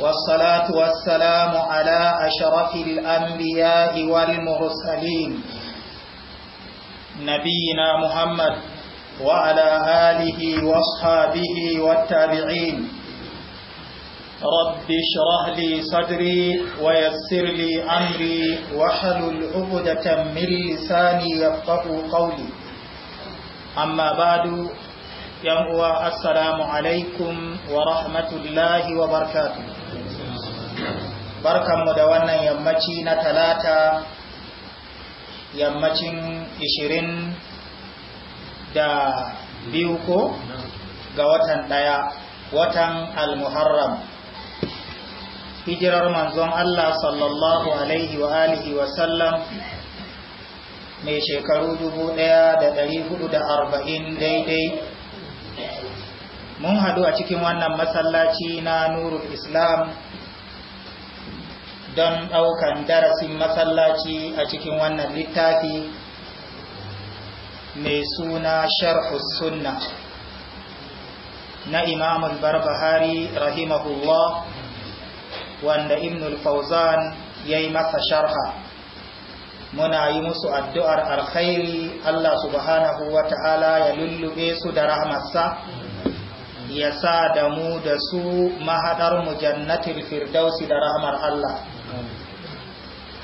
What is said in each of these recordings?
والصلاة والسلام على أشرف الأنبياء والمرسلين نبينا محمد وعلى آله واصحابه والتابعين رب اشرح لي صدري ويسر لي أمري واحلل عقدة من لساني يفقه قولي أما بعد يوم السلام عليكم ورحمة الله وبركاته Barkan mu da wannan yammaci na talata yammacin 20 da biyu ko ga watan ɗaya watan al-muharram hijirar manzon Allah sallallahu alaihi wa alihi wa sallam mai shekaru arba'in daidai mun hadu a cikin wannan masallaci na nurul islam don ɗaukan darasin masallaci a cikin wannan littafi mai suna sharhu sunna na imamul barbahari rahimahullah wanda ibnul fauzan ya yi masa sharha muna yi musu addu'ar alkhairi Allah subhanahu wa ta'ala ya lullube su da rahmarsa. ya sa da mu da su mahaɗar mu jannatin firdausi da rahmar Allah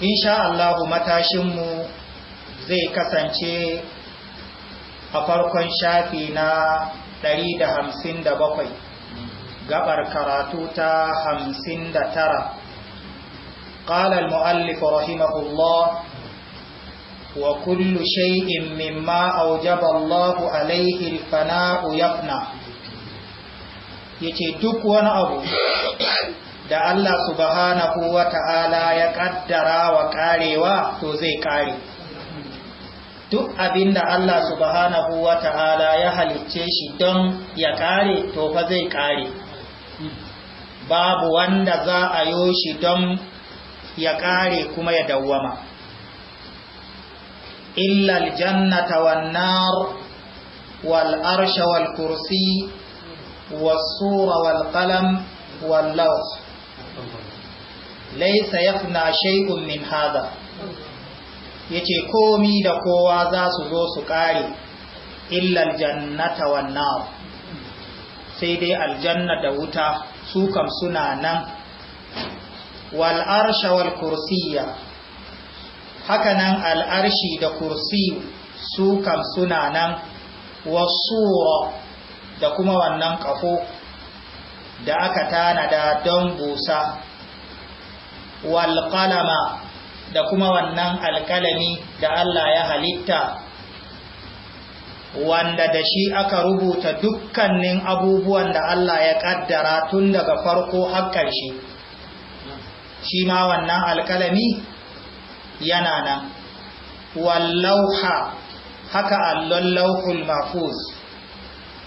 In sha Allahu matashinmu zai kasance a farkon shafi na ɗari da 157 gabar karatu ta hamsin da tara. Ƙalal muallif rahimahullah wa kullu shay'in mimma awjaba Allahu alayhi al-fana'u yafna yace duk wani abu da Allah subhanahu wa ta'ala ya ƙaddarawa wa karewa to zai ƙare. duk abinda Allah subhanahu wa ta'ala ya halicce shi don ya ƙare, to fa zai ƙare. babu wanda za a yo shi don ya ƙare kuma ya dawwama illal jannata wan wal arsha wal kursi was sura wal wal laisa yafna shay'un min hada yace komi da kowa za su zo su kare illar aljannata wan sai dai aljanna da wuta su kam suna nan wal arsha wal kursiyya hakanan al arshi da kursi su kam suna nan wasura da kuma wannan kafo da aka tanada don busa walƙalama da kuma wannan alƙalami da Allah ya halitta wanda da shi aka rubuta dukkanin abubuwan da Allah ya ƙaddara tun daga farko har ƙarshe shi ma wannan alƙalami yana nan wallauha haka allon lauhul mafuz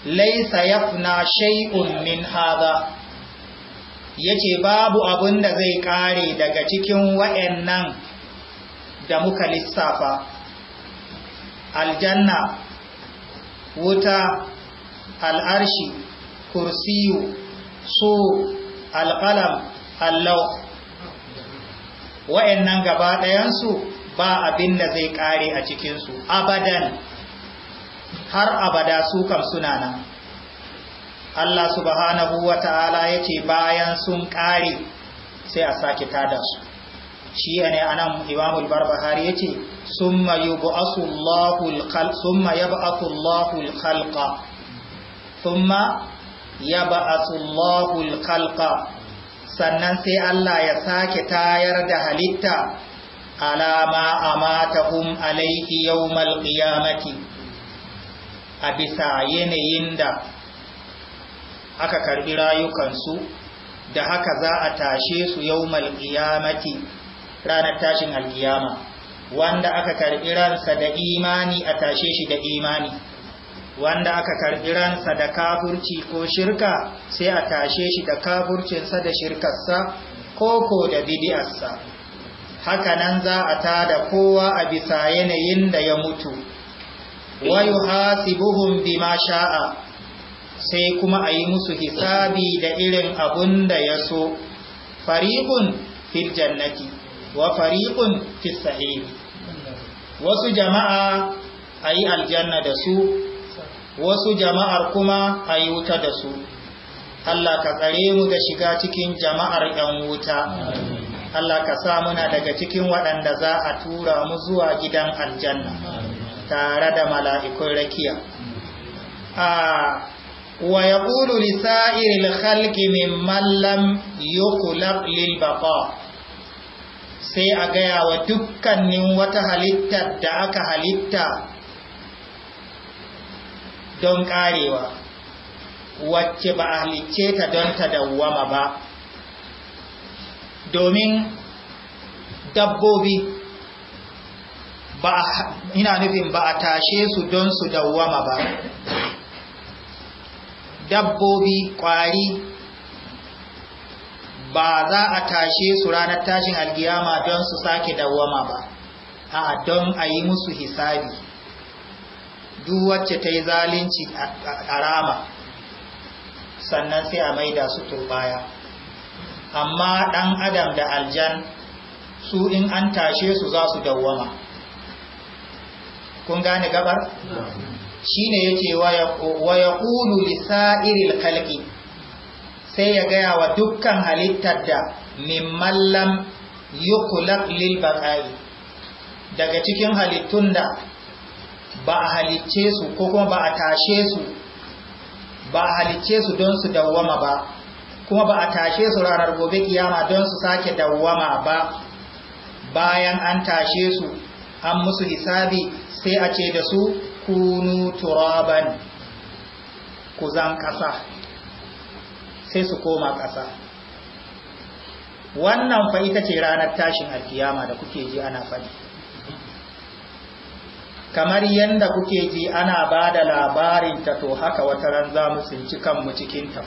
laisa yafna shay'un min hadha yace babu abun da zai kare daga cikin wa'annan da muka lissafa aljanna wuta al'arshi kursiyu su alƙalam allau wa'annan gaba ɗayansu ba abin da zai kare a cikinsu abadan har abada su kam suna nan Allah subhanahu wa ta'ala ya ce bayan sun ƙare sai a sake tada su shi ne anan imamul barbahari ya ce summa yab'athu Allahu al-khalqa summa sannan sai Allah ya sake tayar da halitta alama amatahum alaihi yawmal qiyamati a bisa yanayin da aka karbi rayukansu da haka za a tashe su yau malkiyamati ranar tashin alkiyama wanda aka karbi ransa da imani a tashe shi da imani wanda aka karbi ransa da kafurci ko shirka sai a tashe shi da kafurcinsa da shirkarsa koko da bidiyarsa hakanan za a tada kowa a bisa yanayin da ya mutu wa yuhasibuhum bima sha'a sai kuma a yi musu hisabi da irin abun da ya so fariqun fil jannati wa fariqun fis sa'ir wasu jama'a a yi aljanna da su wasu jama'ar kuma a yi wuta da su Allah ka tsare mu da shiga cikin jama'ar ‘yan wuta, Allah ka sa muna daga cikin waɗanda za a tura mu zuwa gidan aljanna. tare da mala'ikun rakiya a wa ya ƙuru lisa'iril halki min mallam yukulab sai a gaya wa dukkanin wata halittar da aka halitta don ƙarewa wacce ba a halicce ta don ta dawwama ba domin dabbobi ba ina nufin ba a tashe su don su dawwama ba dabbobi kwari ba za a tashe su ranar tashin alkiyama don su sake dawwama ba a don a yi musu hisabi duk wacce ta yi zalunci a rama sannan sai a maida su turbaya amma ɗan adam da aljan su in an tashe su za su dawwama kun gane gabar shine ce wa yaqulu lisa'iril khalqi sai ya gaya wa dukkan halittar da mimman lam yukhlaq lil baqai daga cikin halittun da ba a halicce su ko kuma ba a tashe su ba a halicce su don su dawwama ba kuma ba a tashe su ranar gobe kiyama don su sake dawwama ba bayan an tashe su an musu hisabi sai a ce da su kunu turaban ku zan ƙasa sai su koma ƙasa wannan fa ita ce ranar tashin alkiyama da kuke ji ana faɗi kamar yadda kuke ji ana ba da labarin to haka wata ran za mu tsinci kanmu cikin ta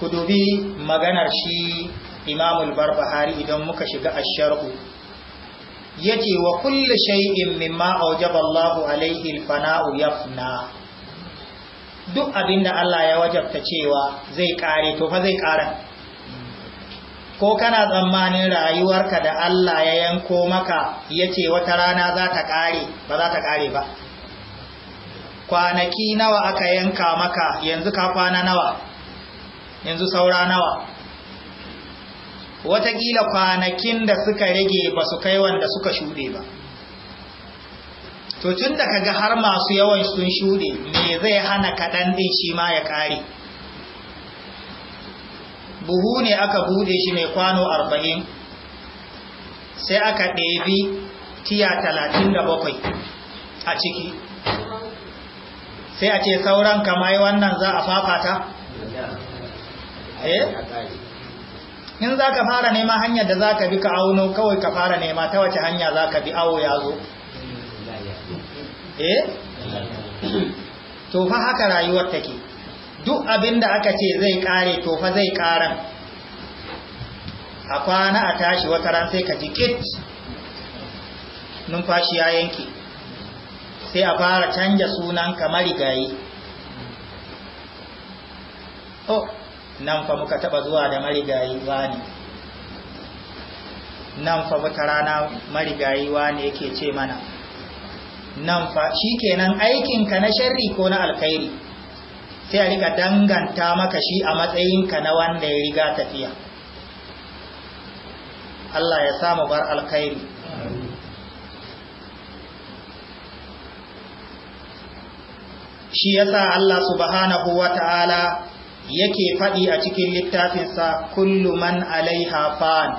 ku dubi maganar shi imamul barbahari idan muka shiga asharhu yace wa kullu shay'in mimma awjaba Allahu alaihi fana'u yafna duk abinda Allah ya wajabta cewa zai kare to fa zai kara ko kana tsammanin rayuwarka da Allah ya yanko maka yace wata rana za ta kare ba za ta kare ba kwanaki nawa aka yanka maka yanzu ka kwana nawa yanzu saura nawa watakila kwanakin da suka rage ba su kai wanda suka shuɗe ba to tun da kaga har masu yawan sun shuɗe me zai hana kaɗan ɗin shi ma ya ƙare buhu ne aka buɗe shi mai kwano arba'in sai aka ɗebi tiya talatin a ciki sai a ce sauran kamar wannan za a fafata? eh? in za ka fara nema hanyar da za ka bi ka auno kawai ka fara nema ta wace hanya za ka bi awo ya zo eh to fa haka rayuwar take duk abin da aka ce zai kare to fa zai karan a kwana a tashi wata ran sai ka ji kit numfashi ya yanke sai a fara canja sunan kamar gayi oh nan fa muka taba zuwa da marigayi wani nan fa wata rana marigayi wani yake ce mana nan fa shikenan aikinka na sharri ko na alkhairi sai a rika danganta maka shi a matsayinka na wanda ya riga tafiya Allah ya samu bar alkhairi shi yasa Allah subhanahu wata'ala yake faɗi a cikin littafinsa kullu man alaiha fan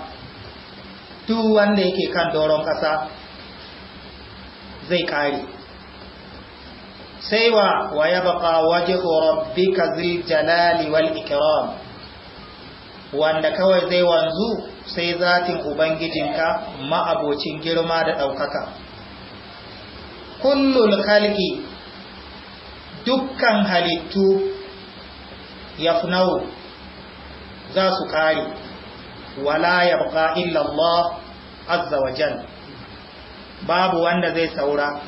duk wanda yake kan doron ƙasa zai ƙare sai wa wa ya baka waje rabbika zil jalali wal ikram wanda kawai zai wanzu sai zatin ubangijinka ma'abocin girma da ɗaukaka kullu khalqi dukkan halittu yafnau za su kare wala ya illa Allah azza wa babu wanda zai saura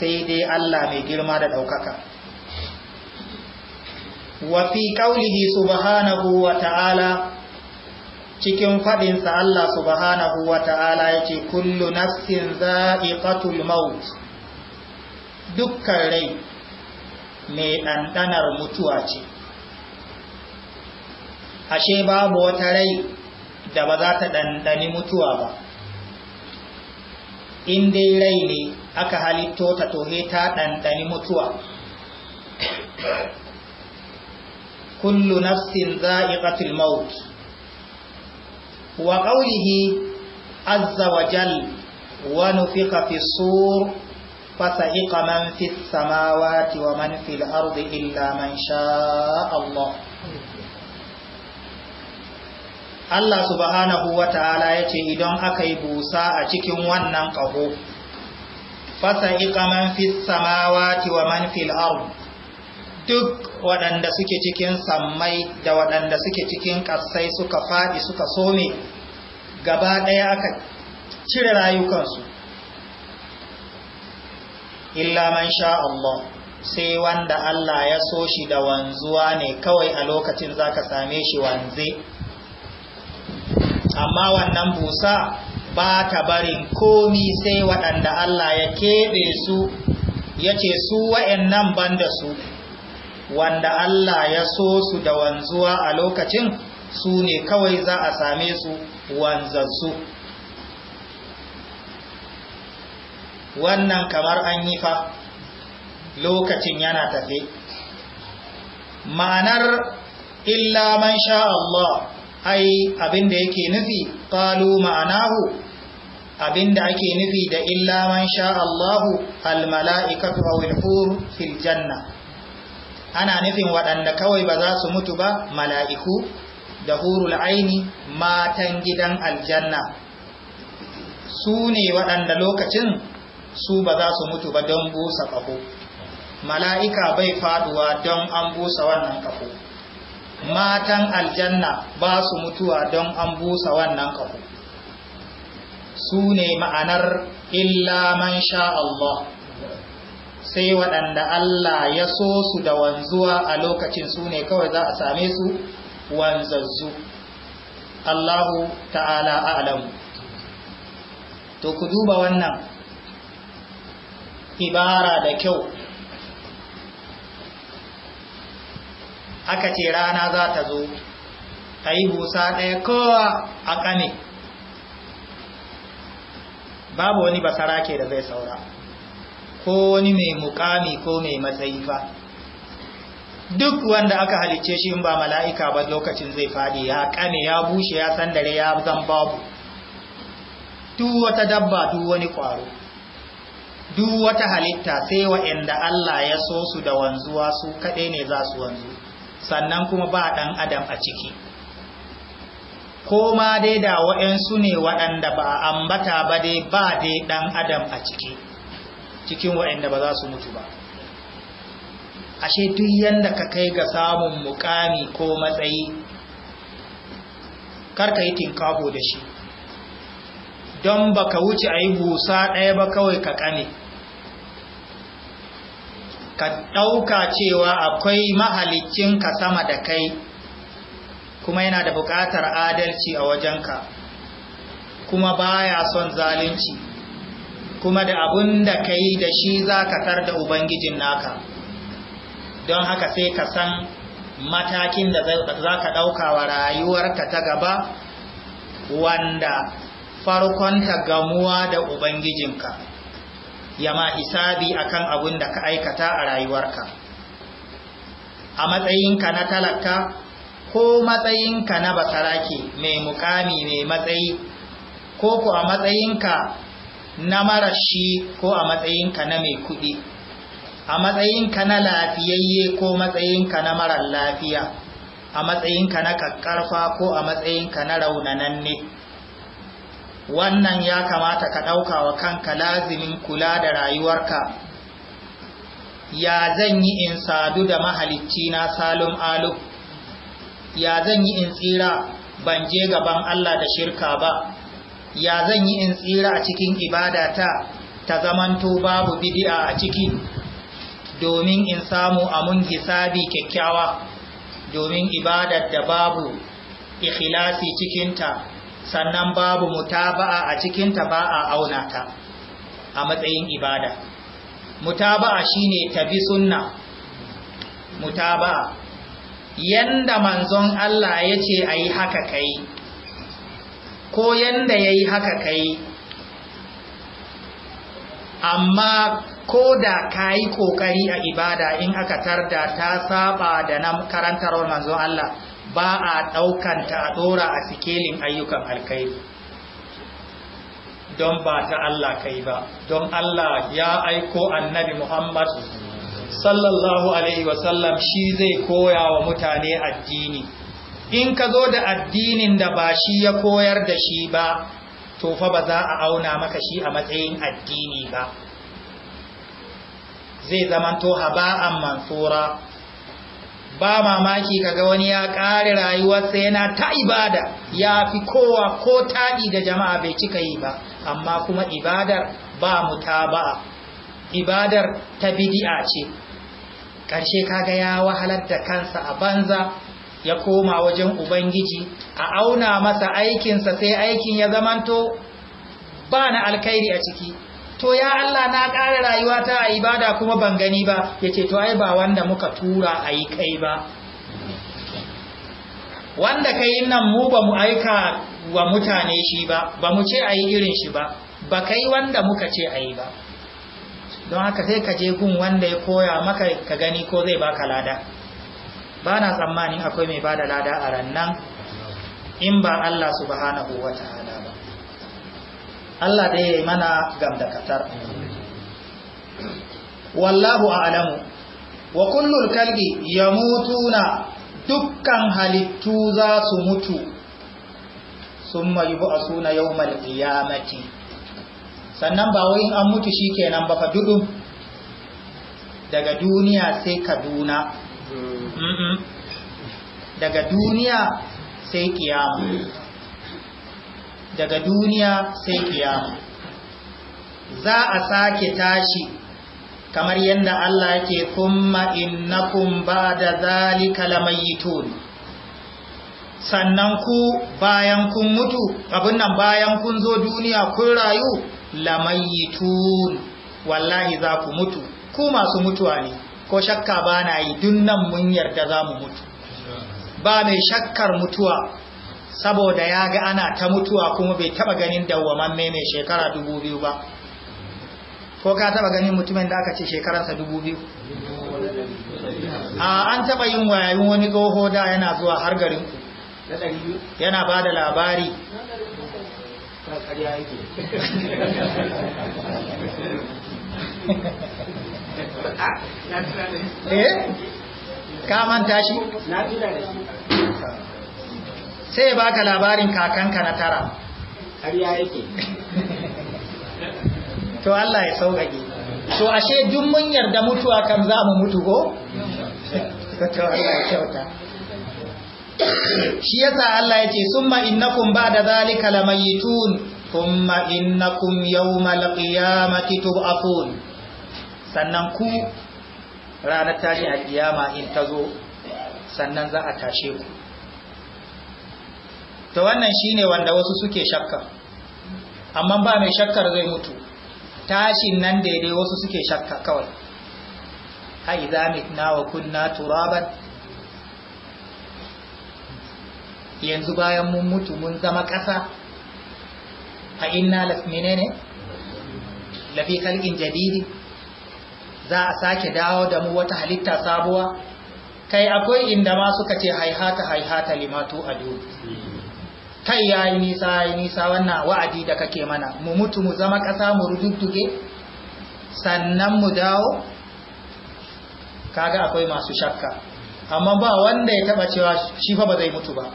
sai dai Allah mai girma da ɗaukaka. wa fi su subhanahu wa ta'ala cikin faɗinsa Allah subhanahu wa ta'ala ya ce, Kullu nafsin za'iqatul maut, dukkan rai mai ɗanɗanar mutuwa ce. ashe babu wata rai da ba za ta ɗanɗani mutuwa ba in dai rai ne aka halitto ta tohe ta ɗanɗani mutuwa kullu nafsin za'iqatul maut wa qawlihi azza wa jal wa nufiqa fi sur fasa'iqa man fis samawati wa man fil ardi illa man sha'a Allah Allah subhanahu wa ta'ala ya ce idan aka yi busa a cikin wannan ƙaho, fasa iƙa man fi samawati wa man fil duk waɗanda suke cikin sammai da waɗanda suke cikin ƙasai suka faɗi suka some gaba ɗaya aka cire rayukansu. Illa man sha Allah sai wanda Allah ya so shi da wanzuwa ne kawai a lokacin za ka same shi wanze. amma wannan busa ba ta barin komi sai waɗanda Allah ya keɓe su ya ce su ban da su wanda Allah ya so su da wanzuwa a lokacin su ne kawai za a same su wanzansu wannan kamar an yi fa lokacin yana tafe ma'anar illa man sha Allah ai abin da yake nufi qalu ma'anahu abin da ake nufi da illa man sha Allahu al mala'ikatu aw al hur fil janna ana nufin waɗanda kawai ba za su mutu ba mala'iku da hurul aini matan gidan aljanna su ne waɗanda lokacin su ba za su mutu ba don busa ƙaho mala'ika bai faɗuwa don an busa wannan ƙaho matan aljanna ba su mutuwa don an busa wannan kafu su ne ma'anar illa man sha Allah sai waɗanda Allah ya so su da wanzuwa a lokacin su ne kawai za a same su wanzazzu Allahu ta'ala a'lamu to ku duba wannan ibara da kyau aka ce rana za ta zo ta yi busa ɗaya kowa a ƙane babu wani basara ke da zai saura ko wani mai mukami ko mai matsayi fa duk wanda aka halicce shi in ba mala'ika ba lokacin zai faɗi ya ƙane ya bushe ya sandare ya zan babu duk wata dabba duk wani ƙwaro duk wata halitta sai waɗanda Allah ya so su da wanzuwa su kaɗai ne za su wanzu sannan kuma ba ɗan adam a ciki ko ma dai da waɗansu ne waɗanda ba a ambata ba dai ba dai ɗan adam a ciki cikin waɗanda ba za su mutu ba ashe duk yadda ka kai ga samun mukami ko matsayi karka yi tinkabo da shi don ba ka wuce a yi busa ɗaya ba kawai ka ƙane ka ɗauka cewa akwai mahalicin ka sama da kai kuma yana da buƙatar adalci a wajenka kuma baya son zalunci kuma da abun da ka yi da shi za ka tar da ubangijin naka don haka sai ka san matakin da za ka ɗauka wa rayuwarka ta gaba wanda farkonta gamuwa da ubangijinka ya ma hisabi akan abun da ka aikata a rayuwarka a matsayinka na talaka ko matsayinka na basarake mai mukami mai matsayi ko ko a matsayinka na marashi ko a matsayinka na mai kuɗi a matsayinka na lafiyayye ko matsayinka na marar lafiya a matsayinka na kakkarfa ko a matsayinka na raunananne wannan ya kamata ka ɗauka wa kanka lazimin kula da rayuwarka ya zan yi in sadu da mahalicci na salum alu ya zan yi in tsira ban je gaban Allah da shirka ba ya zan yi in tsira a cikin ibadata ta zamanto babu bidi'a a ciki domin in samu amun hisabi kyakkyawa domin ibadar da babu ikhlasi cikinta sannan babu mutaba'a a cikinta ba a auna ta a matsayin ibada mutaba'a shine tabi sunna mutaba'a yanda manzon Allah ya ce a yi haka kai ko yanda yayi haka kai amma ko da ka yi ƙoƙari a ibada in aka tarda ta saba da na karantarwar manzon Allah ba a ɗaukanta a ɗora a sikelin ayyukan alkhairi don ba ta Allah kai ba don Allah ya aiko annabi Muhammad sallallahu alaihi wasallam shi zai koya wa mutane addini in ka zo da addinin da ba shi ya koyar da shi ba to fa ba za a auna maka shi a matsayin addini ba zai zamanto haba'an mansura ba mamaki kaga wani ya ƙare rayuwarsa yana ta ibada ya fi kowa ko taɗi da jama'a bai cika yi ba amma kuma ibadar ba mutaba'a ibadar ta bidi'a ce ƙarshe kaga ya wahalar da kansa a banza ya koma wajen ubangiji a auna masa aikinsa sai aikin ya zamanto ba na alkhairi a ciki to ya Allah na ƙara rayuwa ta a ibada kuma ban gani ba ya ce to ai ba wanda muka tura a yi kai ba wanda ka yi nan mu ba mu aika wa mutane shi ba ba mu ce a yi irin shi ba ba ka yi wanda muka ce a yi ba don haka sai ka je gun wanda ya koya maka ka gani ko zai baka lada ba na tsammanin akwai mai bada lada a rannan in ba Allah subhanahu wa ta'ala Allah da ya yi mana gamdakatar wallahu a'lamu wa ya kalbi na dukkan halittu za su mutu sun summa yub'asuna yawmal mati. sannan ba wai an mutu shi kenan ba fa dudu daga duniya sai kaduna mm. daga duniya sai kiyama daga duniya sai kiyama za a sake tashi kamar yadda Allah yake kuma innakum ba'da zalika lamayitun sannan ku bayan kun mutu abin nan bayan kun zo duniya kun rayu lamayitun wallahi za ku mutu ku masu mutuwa ne ko shakka ba na yi dunnan mun yarda za mu mutu ba mai shakkar mutuwa saboda ya ga ana ta mutuwa kuma bai taba ganin dawwaman mai shekara dubu biyu ba ko ka taba ganin mutumin da aka ce shekaransa dubu biyu a an taba yin wayayin wani tsoho da yana zuwa har garin yana ba da labari eh ka manta shi na shi sai ya baka labarin kakanka na tara ƙarya yake to Allah ya sauƙaƙe to ashe duk mun yarda mutuwa kan za mu mutu ko to Allah ya kyauta shi yasa Allah ya ce summa innakum ba'da zalika lamayitun thumma innakum yawmal qiyamati tub'athun sannan ku ranar tashi a kiyama in tazo sannan za a tashe ku to wannan shine wanda wasu suke shakka amma ba mai shakkar zai mutu tashin nan daidai wasu suke shakka kawai a idza mitna wa kunna turaban yanzu bayan mun mutu mun zama ƙasa a inna lasmine ne lafi kalkin jadidi za a sake dawo da mu wata halitta sabuwa kai akwai inda ma suka ce haihata haihata limatu a duniya kai yi nisa yi nisa wannan wa'adi da kake mana mu mutu mu zama ƙasa mu rududduge sannan mu dawo kaga akwai masu shakka amma ba wanda ya taba cewa shi fa ba zai mutu ba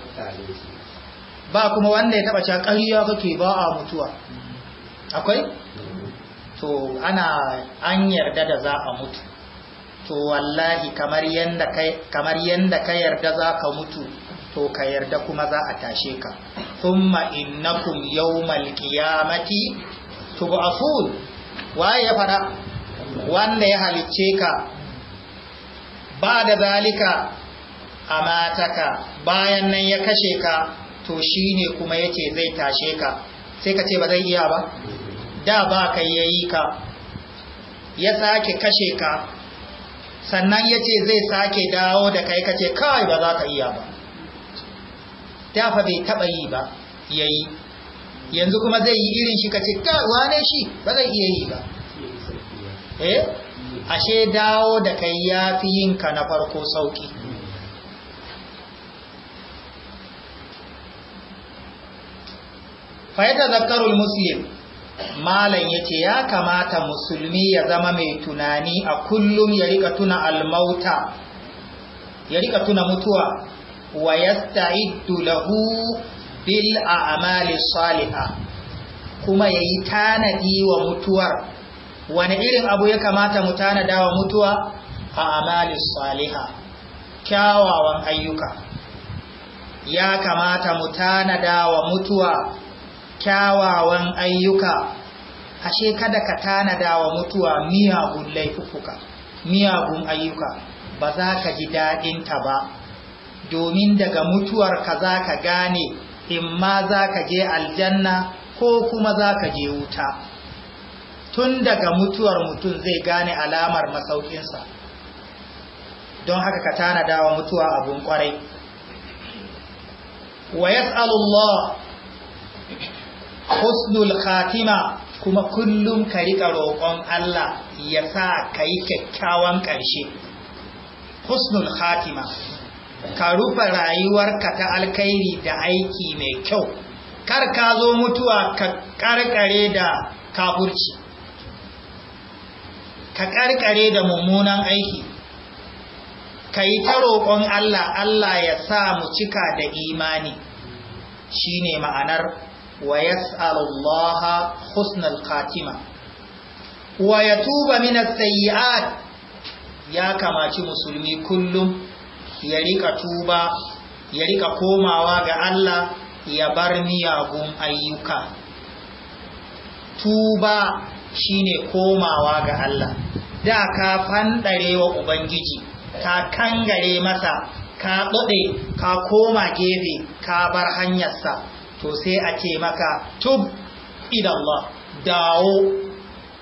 ba kuma wanda ya taba cewa ƙarya kake ba a mutuwa akwai to ana an yarda da za a mutu to wallahi kamar yanda kai kamar yanda ka yarda za ka mutu so ka yarda kuma za a tashe ka thumma innakum yawmal qiyamati tub'asun waye ya fara wanda ya halicce ka ba da zalika a mataka bayan nan ya kashe ka to shi ne kuma yace zai tashe ka sai ka ce ba zai iya ba da ba ka yayi ka ya sake kashe ka sannan ya ce zai sake dawo da kai ka ce kawai ba za ka iya ba dafa bai taba yi ba yayi yanzu kuma zai yi irin shi kace ka wane shi ba zai iya yi ba eh ashe dawo da kai yafi yin ka na farko sauki fa yatazakkaru muslim malam yace ya kamata musulmi ya zama mai tunani a kullum ya rika tuna almauta ya rika tuna mutuwa wa yasta'iddu lahu bil a'mali salihah kuma yayi tanadi wa mutuwar wani irin abu ya kamata mu tanada mutuwa a a'mali saliha kyawawan ayyuka ya kamata mu tanada mutuwa kyawawan ayyuka ashe kada ka tanada wa mutuwa miyagun laifuka miyagun ayyuka ba za ka ji ta ba domin daga mutuwar ka za ka gane in ma za ka je aljanna ko kuma za ka je wuta tun daga mutuwar mutum zai gane alamar masaukinsa don haka ka tanada wa mutuwa abun kwarai wa yas'alullah husnul khatima kuma kullum ka rika roƙon Allah ya sa ka yi kyakkyawan ƙarshe husnul khatima ka rufe rayuwarka ta alkairi da aiki mai kyau kar ka zo mutuwa ka karkare da kaburci ka karkare da mummunan aiki ka yi ta roƙon Allah Allah ya sa mu cika da imani Shi ne ma'anar wa tsarallaha husnal khatima wa tuba minas sayyi'at ya kamaci musulmi kullum ya rika tuba ya rika komawa ga Allah ya bar miyagun ayyuka tuba shine komawa ga Allah da ka fandare wa ubangiji ka kangare masa ka dade ka koma gefe ka bar hanyarsa to sai a ce maka tub ila Allah dawo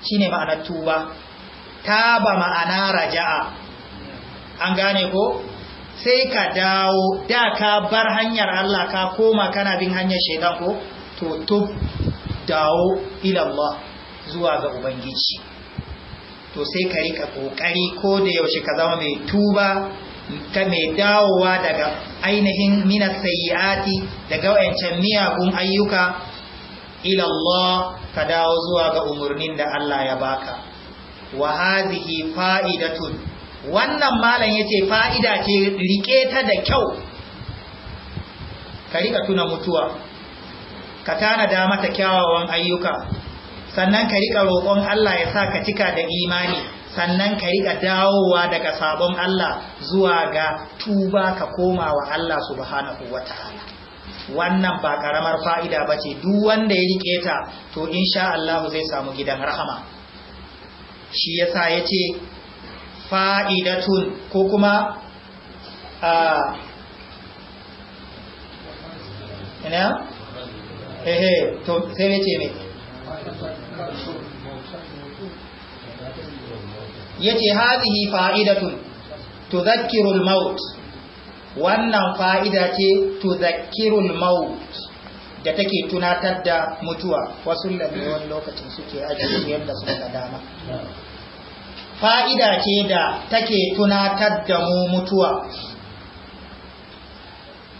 shine ma'anar tuba taba ma'ana raja'a an gane ko sai ka dawo da ka bar hanyar Allah ka koma kana bin hanyar shaidan ko to to dawo ilallah zuwa ga ubangiji to sai ka rika kokari ko da yaushe ka zama mai tuba ka mai dawowa daga ainihin minas sayi'ati daga wayancan miyagun ayyuka ilallah ka dawo zuwa ga umurnin da Allah ya baka wa hadhihi fa'idatun wannan malam ya ce fa'ida ce rike ta da kyau ka rika tuna mutuwa ka tanada mata kyawawan ayyuka sannan ka rika roƙon Allah ya sa ka cika da imani sannan ka rika dawowa daga sabon Allah zuwa ga tuba ka koma wa Allah subhanahu wa ta'ala wannan ba ƙaramar fa'ida ba ce duk wanda ya riƙe ta to in sha Allah zai samu gidan rahama shi ya sa ya ce fa'idatun ko kuma a ina? ehe to sai ne ce ne ya ce hazihi fa'idatun to zakirul maut wannan fa'ida ce to zakirul maut da take tunatar da mutuwa wasu lalewar lokacin suke ajiye yadda suka dama fa'ida ce da take tunatar da mu mutuwa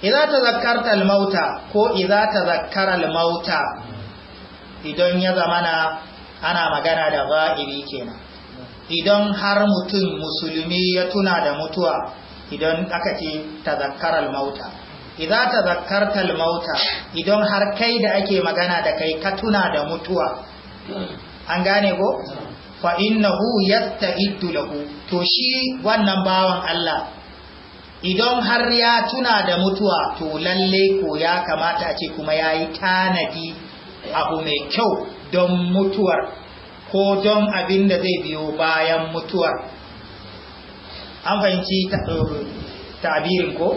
Iza ta zakarta almauta ko iza ta al-mauta idan ya zamana ana magana da ga'ibi kenan idan har mutum musulmi ya tuna da mutuwa idan aka ce ta al-mauta iza ta al almauta idan har kai da ake magana da kai ka tuna da mutuwa an gane ko fa innahu yasta'iddu lahu to shi wannan bawan Allah idan har ya tuna da mutuwa to lalle ko ya kamata a ce kuma yayi tanadi abu mai kyau don mutuwar ko don abin da zai biyo bayan mutuwar an fahimci tabirin ko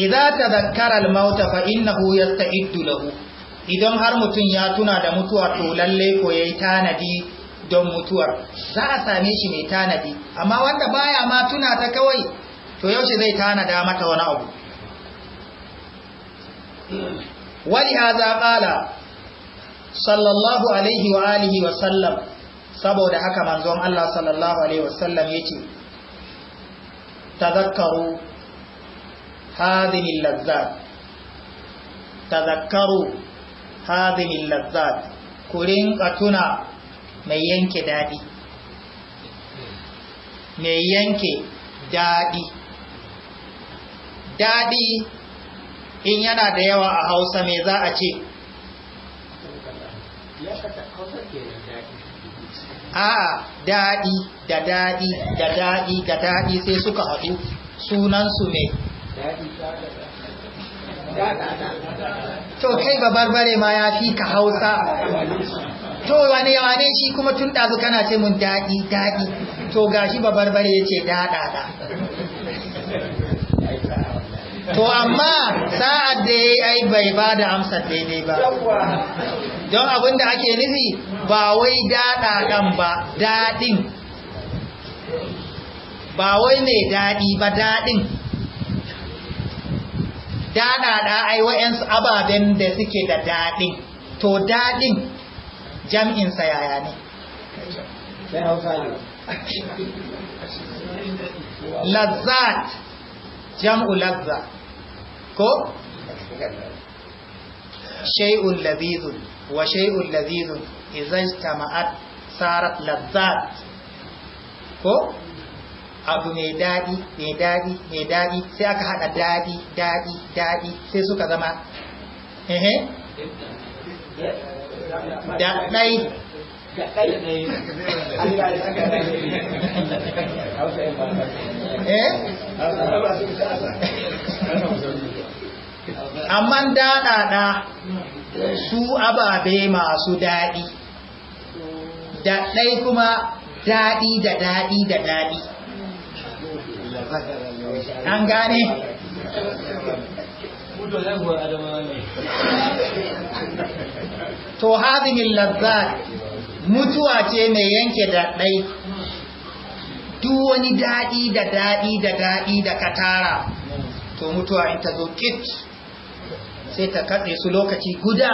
idza tadhakkara al-maut fa innahu yasta'iddu lahu idan har mutum ya tuna da mutuwa to lalle ko yayi tanadi don mutuwar za a same shi mai tanadi amma wanda baya ma tuna ta kawai to yaushe zai tanada mata wani abu wani haza ƙala sallallahu alaihi wa alihi wa sallam saboda haka manzon Allah sallallahu alaihi wa sallam ya ce tazakkaru hadini lazzat tazakkaru hadini lazzat ku rinka tuna mai yanke daɗi mai yanke daɗi daɗi in yana da yawa a hausa mai za a ce A'a daɗi da daɗi da daɗi da daɗi sai suka haɗu sunansu mai to kai ba barbare ma ya fi ka hausa to wane ya shi kuma tun ɗazu kana ce mun daɗi daɗi to gashi ba barbare ya ce daɗaɗa to amma sa'ad da ya yi bai ba da amsar daidai ba don abin da ake nufi ba wai daɗaɗan ba daɗin ba wai mai daɗi ba daɗin daɗaɗa ai wa'yansu ababen da suke da daɗin to daɗin jam'in sa yaya ne lazzat jam'u lazza ko shay'un labidun wa shay'un labidun izai tama'at sarat lazzat ko abu mai daɗi mai daɗi mai daɗi sai aka haɗa daɗi daɗi daɗi sai suka zama ehe da ɗai eh? amma daɗaɗa su ababe masu daɗi da ɗai kuma daɗi da daɗi da daɗi an gane to min lazzat mutuwa ce mai yanke dai duk wani daɗi da daɗi da daɗi da katara to mutuwa in ta zo kit sai ta katse su lokaci guda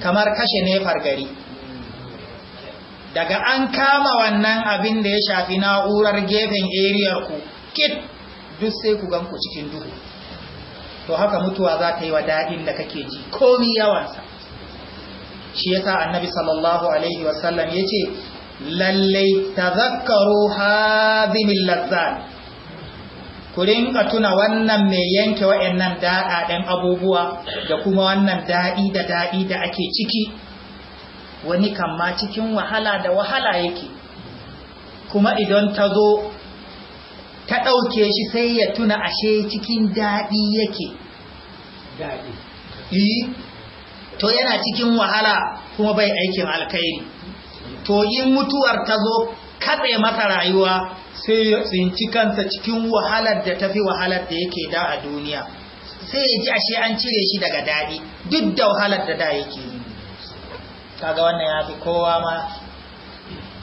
kamar kashe nefar gari daga an kama wannan abin da ya shafi na'urar gefen eriyar ku kit duk sai ku ganku cikin duhu to haka mutuwa za ta yi wa daɗin da kake ji komi yawansa shi yasa annabi sallallahu alaihi wasallam ya ce lallai tazakkaru hazimil lazzat ku rinka tuna wannan mai yanke wa'annan daɗaɗen abubuwa da kuma wannan daɗi da daɗi da ake ciki wani kamma cikin wahala da wahala yake kuma idan ta zo ta ɗauke shi sai ya tuna ashe cikin daɗi yake daɗi eh, to yana cikin wahala kuma bai aikin alkairi to in mutuwar ta zo katse masa rayuwa sai ya tsinci kansa cikin wahalar da tafi wahalar da yake da a duniya sai ya ji ashe an cire shi daga daɗi duk da wahalar da da yake yi kaga wannan ya fi kowa ma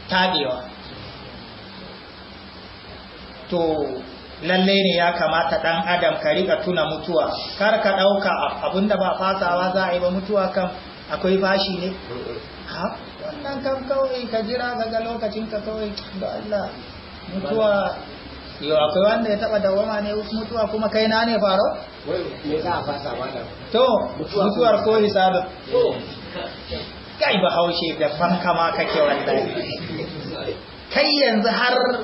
tabewa to lalle ne ya kamata dan adam ka rika tuna mutuwa kar ka dauka abinda ba fasawa za a yi ba mutuwa kan akwai fashi ne ha wannan kan kawai ka jira daga lokacin ka kawai da Allah mutuwa yo akwai wanda ya taba dawama ne mutuwa kuma kai na ne faro me za a fasa da to mutuwar ko to kai ba haushe da fanka ma kake wallahi kai yanzu har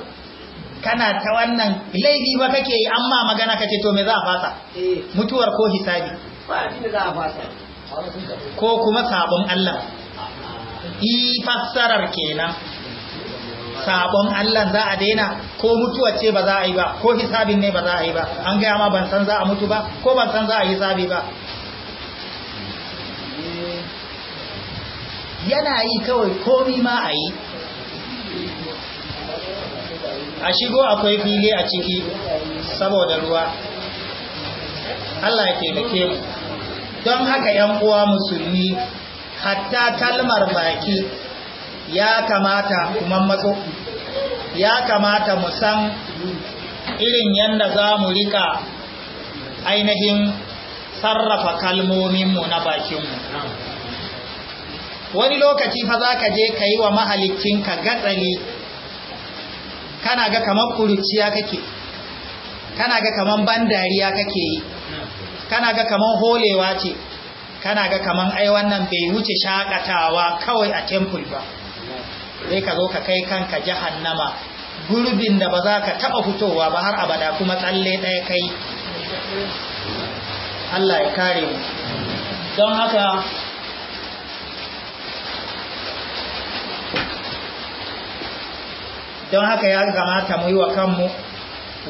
kana ta wannan laifi ba kake yi amma magana kace to me za a fasa eh. mutuwar ko hisabi ko kuma sabon Allah i fassarar kenan sabon Allah za a daina ko mutuwa ce ba za a yi ba ko hisabin ne ba za a yi ba an gaya ma ban san za a mutu ba ko ban san za a yi hisabi ba yana yi kawai komi ma a yi a shigo akwai fili a ciki saboda ruwa Allah ya taimake mu don haka yan uwa musulmi hatta kalmar baki ya kamata kuma matso ya kamata mu san irin yadda za mu rika ainihin sarrafa kalmominmu na bakinmu wani lokaci fa za ka je ka yi wa ka gatsali kana ga kamar ƙuruciya kake kana ga kamar bandariya kake yi kana ga kamar holewa ce kana ga kamar ai wannan bai wuce shakatawa kawai a temple ba sai ka zo ka kai kanka jahannama gurbin da ba za ka taɓa fitowa ba har abada kuma tsalle ɗaya kai Allah ya kare mu don haka don haka ya kamata mu yi wa kanmu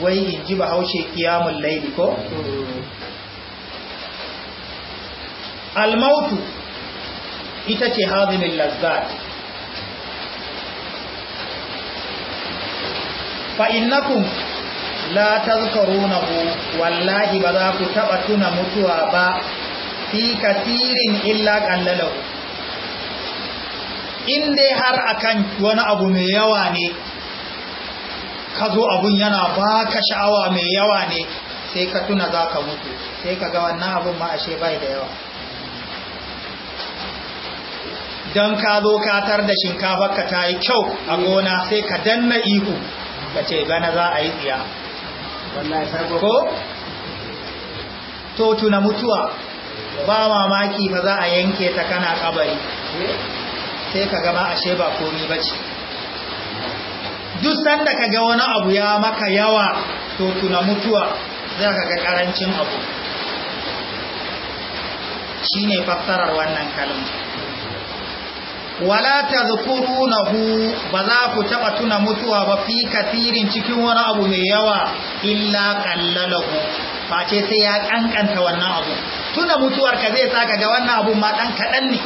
wai in ji bahaushe kiyamun laili ko almautu ita ce hazimin lazzat fa'innakum la tazkarunahu wallahi ba za ku taɓa tuna mutuwa ba fi kasirin illa ƙallalahu in har akan wani abu mai yawa ne ka zo abun yana ba ka sha'awa mai yawa ne sai ka tuna za ka mutu sai ka ga wannan abun ma ashe bai da yawa don ka zo katar da shinkafarka ta yi kyau a gona sai ka danna ihu ka ce bana za a yi tsiya ko to tuna mutuwa ba mamaki ba za a yanke ta kana kabari eh? sai ka gama ashe ba komi ba ce duk sanda ka ga wani abu ya maka yawa to tuna mutuwa za ka ga karancin abu shi ne fassarar wannan kalma wala ta hu ba za ku taɓa tuna mutuwa ba fi kasirin cikin wani abu mai yawa illa ba face sai ya kankanta wannan abu tuna mutuwar ka zai sa ga wannan abu ma ɗan kaɗan ne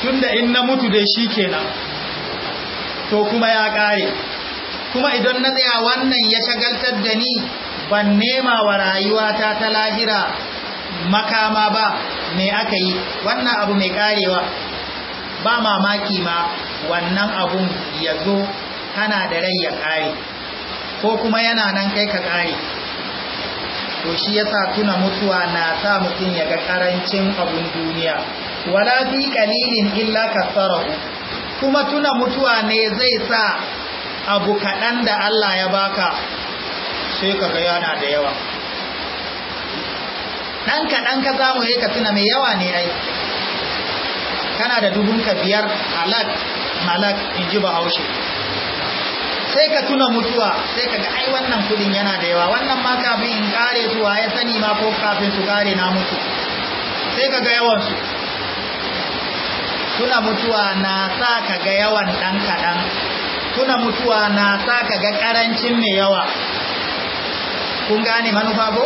tunda in na mutu dai shi kenan to kuma ya ƙare kuma idan na tsaya wannan ya shagaltar da ni ban nema wa rayuwata ta lahira makama ba me aka yi wannan abu mai ƙarewa. ba mamaki ma wannan abun ya zo kana da rai ya ƙare? ko kuma yana nan kai ka kare to shi ya sa tuna mutuwa na sa mutum ya ga ƙarancin abun duniya wala fi kalilin illa kasarahu kuma tuna mutuwa ne zai sa abu kaɗan da Allah ya baka sai ka ga yana da yawa ɗan kaɗan ka samu yi ka tuna mai yawa ne ai kana da dubunka biyar halak malak in ji bahaushe sai ka tuna mutuwa sai ka ga ai wannan kudin yana da yawa wannan ma kafin in kare su ya sani ma ko kafin su kare na mutu sai ka ga yawansu tuna mutuwa na sa kaga ga yawan ɗan kaɗan tuna mutuwa na sa kaga ga ƙarancin mai yawa kun gane manufa ko?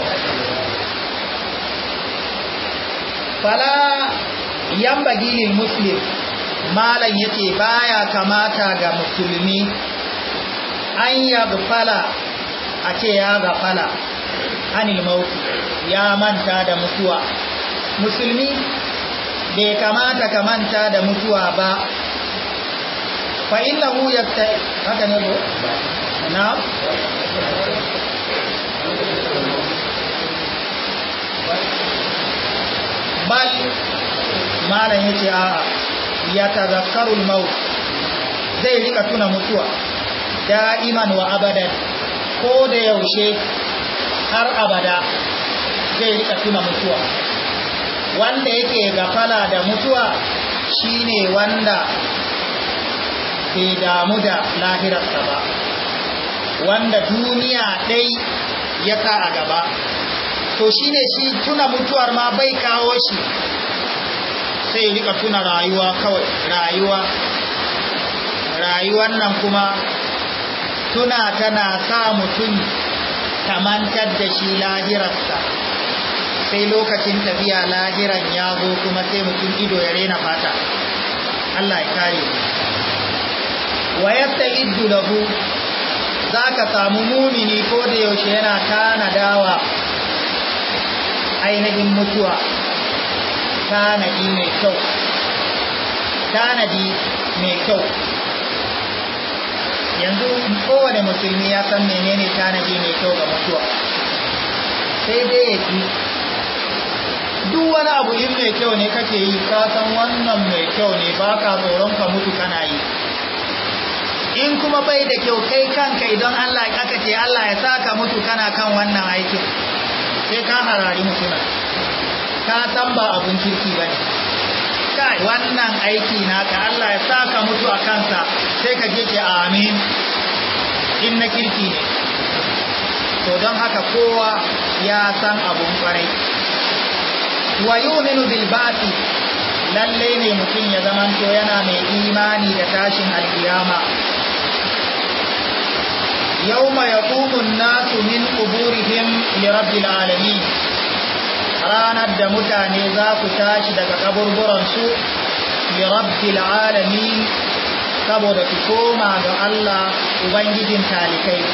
fala yan bagilin muslim malam yace baya kamata ga musulmi an ya gafala a ce ya gafala anil ya manta da mutuwa musulmi bai kamata ka manta da mutuwa ba fa hu yakta haka ne ko na bal malam yace a'a ya ta maut zai rika tuna mutuwa iman wa abada ko da yaushe har abada zai rika tuna mutuwa wanda yake gafala da mutuwa shine wanda ke damu da lahirarsa ba wanda duniya ɗai ya sa a gaba to shine shi tuna mutuwar ma bai kawo shi sai rika tuna rayuwa kawai rayuwa rayuwan nan kuma tuna tana sa mutum tamantar da shi lahirarsa sai lokacin tafiya lahiran ya zo kuma sai mutum ido ya rena fata Allah ya kare wa iddu lahu zaka samu mumini ko da yaushe yana tanadawa ainihin mutuwa tanadi mai kyau mai kyau yanzu kowane musulmi ya san menene tanadi mai kyau ga mutuwa sai dai ya ki duk wani abu in mai kyau ne kake yi ka san wannan mai kyau ne ba ka tsoron ka mutu kana yi in kuma bai da kyau kai kanka idan Allah aka ce Allah ya saka mutu kana kan wannan aikin sai ka harari mutuna ka san ba abun kirki ba ne kai wannan aiki ka Allah ya saka mutu a kansa sai ka je ce amin in na kirki ne to don haka kowa ya san abun kwarai wa yu'minu bil ba'thi lalle ne mutum ya zamanto yana mai imani da tashin alkiyama yawma yaqumu an-nasu min quburihim li rabbil alamin ranar da mutane za ku tashi daga kaburburansu li rabbil alamin saboda ku koma ga Allah ubangijin talikai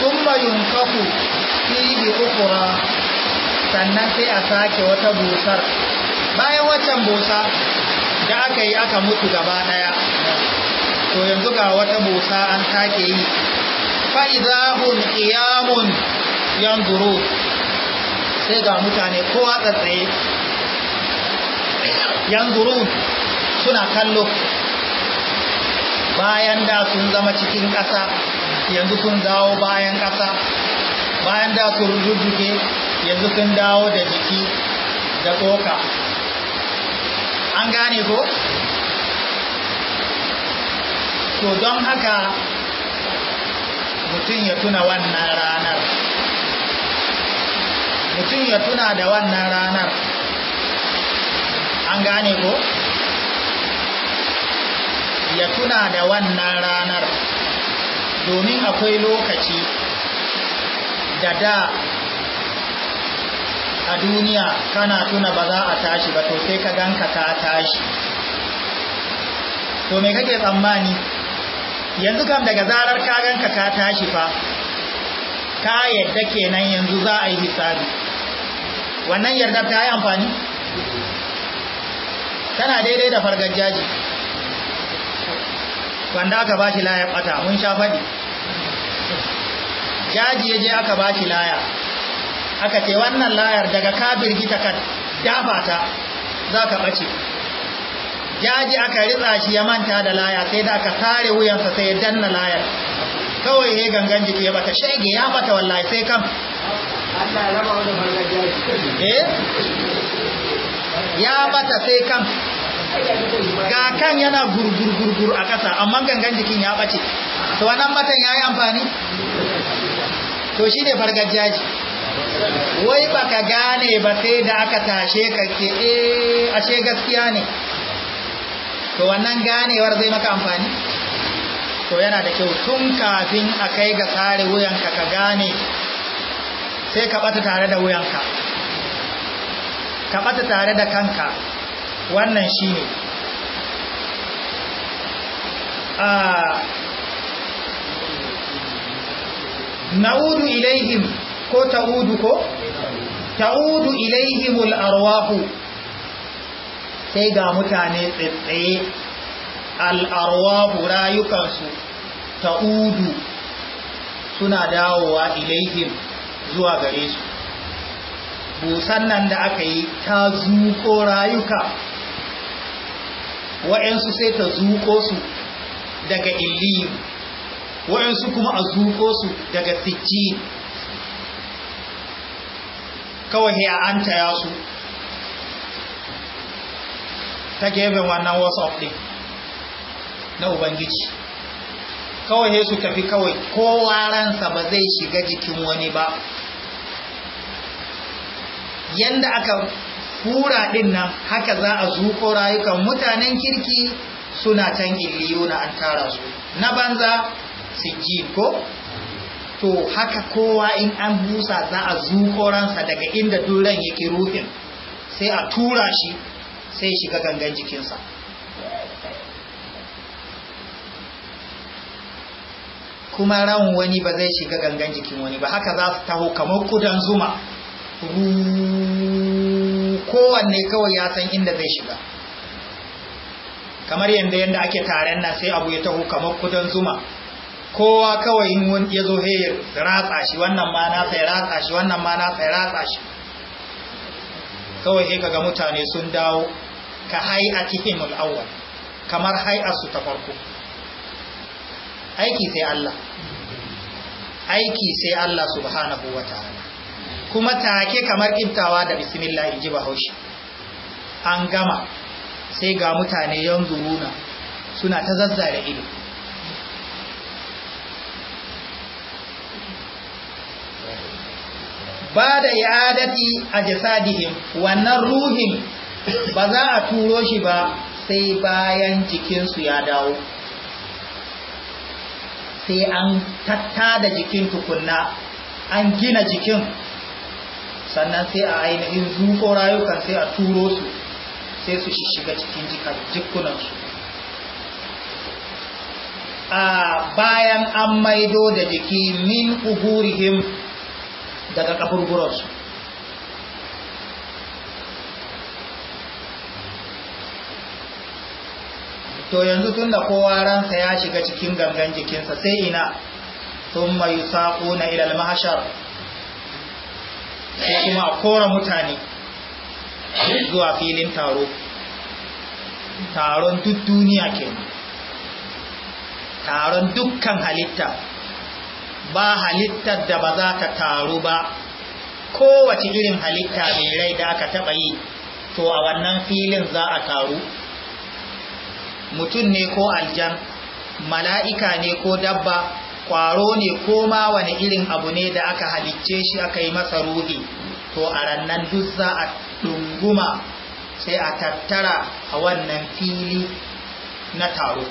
thumma yunfaku fihi ukhra sannan sai a sake wata busar bayan waccan busa da aka yi aka mutu gaba daya to yanzu ga wata busa an sake yi fa iyamun yan yanzuru sai ga mutane kowa tsatsaye yanzuru suna kallo bayan da sun zama cikin ƙasa yanzu kun dawo bayan ƙasa bayan da ku rujujjuke yanzu kun dawo da jiki da tsoka an gane ko? to don haka mutum ya tuna wannan ranar mutum ya tuna da wannan ranar an gane ko? ya tuna da wannan ranar domin akwai lokaci da da a duniya kana tuna ba za a tashi ba to sai ka ganka ka tashi to me kake tsammani yanzu kam daga zarar ka ganka ka tashi fa ka yadda kenan yanzu za a yi hisabi wannan yarda ta yi amfani tana daidai da fargajaji wanda aka ba shi laya bata mun sha faɗi jaji ya je aka ba shi laya aka ce wannan layar daga ka gita ka dafa ta za ka ɓace jaji aka ritsa shi ya manta da laya sai da aka tare wuyansa sai ya danna layar kawai ya gangan jiki ya bata shege ya bata wallahi sai kam ya bata eh? sai kam ga kan yana gurgurgurgur a ƙasa amma gangan jikin ya ɓace to wannan matan ya yi amfani to shi ne ce. wai ba ka gane ba sai da aka tashe ka ke eh ashe gaskiya ne to wannan ganewar zai maka amfani to yana da kyau tun kafin a kai ga sare wuyanka ka gane sai ka ɓata tare da wuyanka ka ɓata tare da kanka wannan shi ne na'udu ilaihim ko ta'udu ko ta'udu ilaihimul arwahu sai ga mutane tsaye al'arwahu rayukansu ta'udu suna dawowa ilaihim zuwa gare su busan nan da aka yi ta zuko rayuka wa'yansu sai ta zuko su daga illiyu wa'yansu kuma a zuko su daga sicci kawai ya an taya su ta gefen wannan wasu ɗin na ubangiji kawai su tafi kawai kowa ransa ba zai shiga jikin wani ba yanda aka hura din nan haka za a zuƙo rayukan mutanen kirki suna can na an tara su na banza sijjin ko to haka kowa in an busa za a zuko ransa daga inda duran yake rufin sai a tura shi sai shiga gangan jikinsa kuma ran wani ba zai shiga gangan jikin wani ba haka za su taho kamar kudan zuma Ruu... kowanne kawai ya san inda zai shiga kamar yadda yadda ake taren na sai abu ya taho kamar kudan zuma kowa kawai in ya zo hey ratsa shi wannan ma na sai ratsa shi wannan ma na sai ratsa shi kawai sai kaga mutane sun dawo ka a cikin al'awar kamar hay'arsu ta farko aiki sai Allah aiki sai Allah subhanahu ta'ala kuma take kamar kiftawa da bismillah inji bahaushe an gama sai ga mutane yan suna ta zazzare ido ba da yadati a jasadihim wannan ruhin ba za a turo shi ba sai bayan jikinsu ya dawo sai an tatta jikin tukunna an gina jikin sannan sai a ainihin zuko rayukan sai a turo su sai su shiga cikin jikunansu a bayan an maido da jiki min kuhurihim daga kaburburansu to yanzu tun da kowa ransa ya shiga cikin gangan jikinsa sai ina sun mai saƙo na ilal mahashar ko kuma a kora mutane zuwa filin taro taron duk duniya ke taron dukkan halitta ba halittar da ba za ta taru ba kowace irin halitta mai rai da aka taɓa yi to a wannan filin za a taru mutum ne ko aljan mala'ika ne ko dabba kwaro ne ko ma wani irin abu ne da aka halicce shi aka yi masa ruhi to a rannan duk za a ɗunguma sai a tattara a wannan fili na taro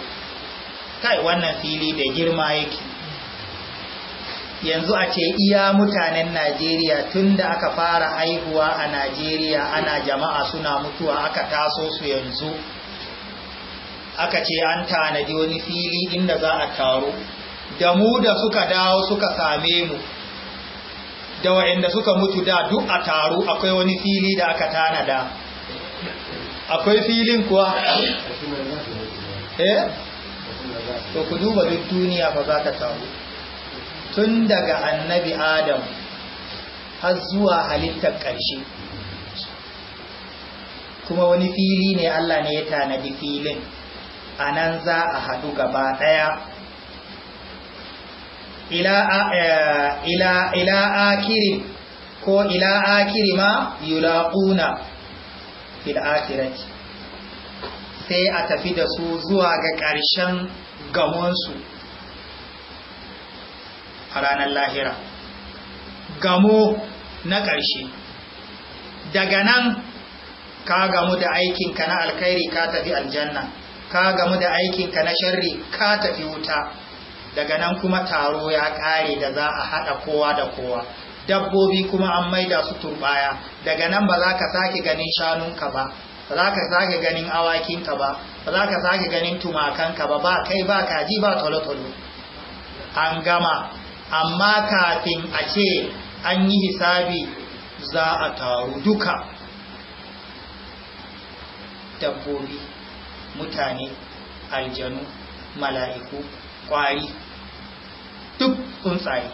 kai wannan fili da girma yake yanzu a ce iya mutanen najeriya tun da aka fara haihuwa a najeriya ana jama'a suna mutuwa aka taso su yanzu aka ce an tanadi wani fili inda za a taro da mu da suka dawo suka same mu da wa'anda suka mutu da duk a taro akwai wani fili da aka tanada akwai filin kuwa eh to ku duba duk duniya fa za ta taru tun daga annabi adam har zuwa halittar ƙarshe kuma wani fili ne Allah ne ya tanadi filin a nan za a haɗu gaba ɗaya Eh, ila akiri ko ila akiri ma yulaquna fil akhirati sai a tafi da su zuwa ga ƙarshen gamonsu a ranar lahira gamo na ƙarshe daga nan ka gamu da aikinka na alkhairi ka tafi aljanna ka gamu da aikinka na sharri ka tafi wuta daga nan kuma taro ya ƙare da za a haɗa kowa da kowa dabbobi kuma an maida su turbaya daga nan ba za ka sake ganin shanunka ba ba za ka sake ganin awakinka ba ba za ka sake ganin tumakanka ba ba kai ba kaji ba tolotolo an gama amma kafin a ce an yi hisabi za a taru duka dabbobi mutane aljanu mala'iku ƙwari. duk tsuntsaye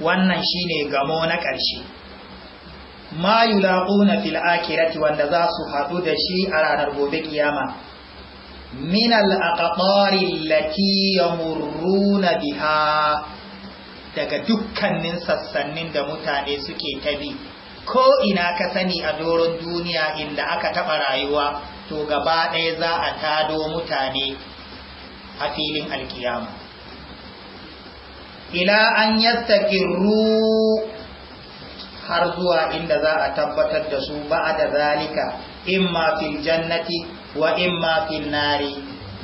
wannan shine gamo na ƙarshe ma yulaquna fil akhirati wanda za su haɗu da shi a ranar gobe kiyama min al aqtari allati yamurruna biha daga dukkanin sassanin da mutane suke tabi ko ina ka sani a doron duniya inda aka taɓa rayuwa to gaba ɗaya za a tado mutane a filin alkiyama ila an yattakiru har zuwa inda za a tabbatar da su ba da zalika imma fil jannati wa imma fil nari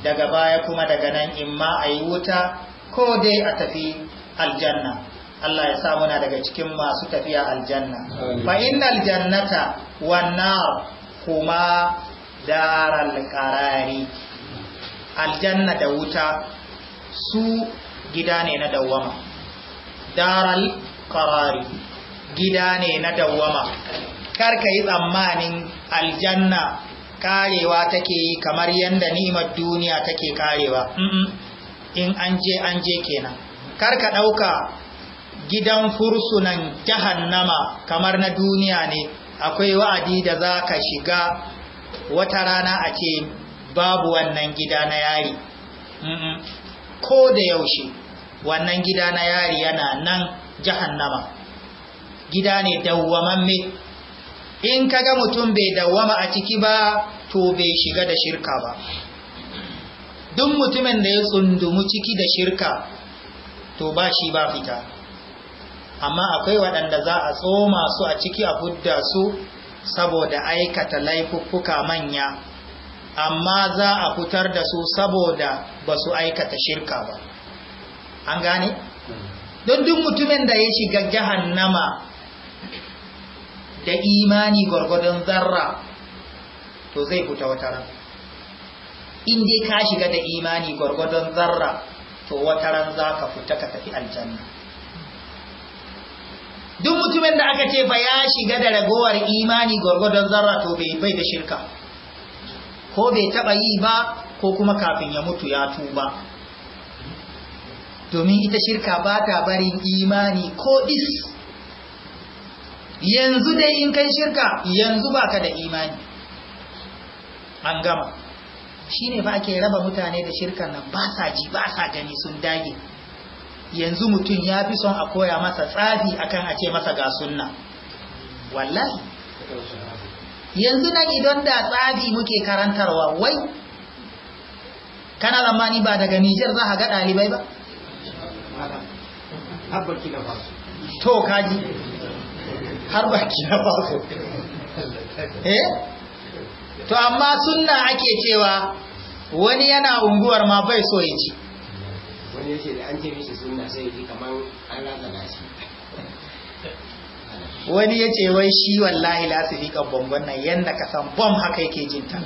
daga baya kuma daga nan imma a yi wuta ko dai a tafi aljanna Allah ya sa muna daga cikin masu tafiya aljanna fa innal jannata wan nar kuma daral qarari aljanna da wuta su gida ne na dawwama daral qarari gida ne na dawwama kar ka yi tsammanin aljanna karewa take yi kamar yadda ni'imar duniya take karewa in an je an je kenan kar ka ɗauka gidan fursunan jahannama kamar na duniya ne akwai wa'adi da za ka shiga wata rana a ce babu wannan gida na yari ko da yaushe wannan gida na yari yana nan jahannama gida ne dawwamamme in kaga mutum bai dawwama a ciki ba to bai shiga da shirka ba duk mutumin da ya tsundumi ciki da shirka to ba shi ba fita amma akwai waɗanda za a tsoma su a ciki a fudda su saboda aikata laifuffuka manya amma za a fitar da su saboda ba su aikata shirka ba an gane don duk mutumin da ya shiga jahannama da imani gwargwadon zarra to zai fita wata ran in dai ka shiga da imani gwargwadon zarra to wata ran za ka fita ka tafi aljanna duk mutumin da aka ce fa ya shiga da ragowar imani gwargwadon zarra to bai bai da shirka ko bai taɓa yi ba ko kuma kafin ya mutu ya tuba domin ita shirka ba ta barin imani ko is yanzu dai in kai shirka yanzu ba ka da imani an gama shi ne fa ke raba mutane da shirka nan ba sa ji ba sa gani sun dage yanzu mutum ya fi son a koya masa tsafi akan a ce masa ga sunna wallahi yanzu nan idan da tsabi muke karantarwa wai kana zamani ba daga nijar za a ga ɗalibai ba to kaji har baki na faso eh to amma sunna ake cewa wani yana unguwar ma bai so ya ci wani yake da an ce mishi sunna sai ya ji kamar an razana shi wani ya ce wai shi wallahi su kan bombon nan yadda ka san bom haka yake jin ta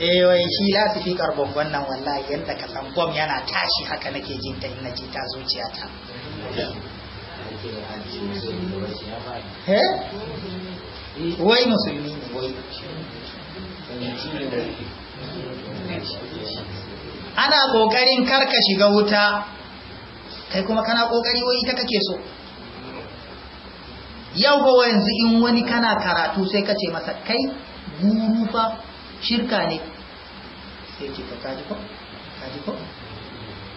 eh wai shi su kan bombon nan wallahi yadda ka san bom yana tashi haka nake jin ta in naji ta zuciya ta. Eh? wai musulmi ne wai ana kokarin karka shiga wuta kai kuma kana kokari wai ita kake so yau ga yanzu in wani kana karatu sai kace masa kai guru fa shirka ne sai ki ka kaji ko kaji ko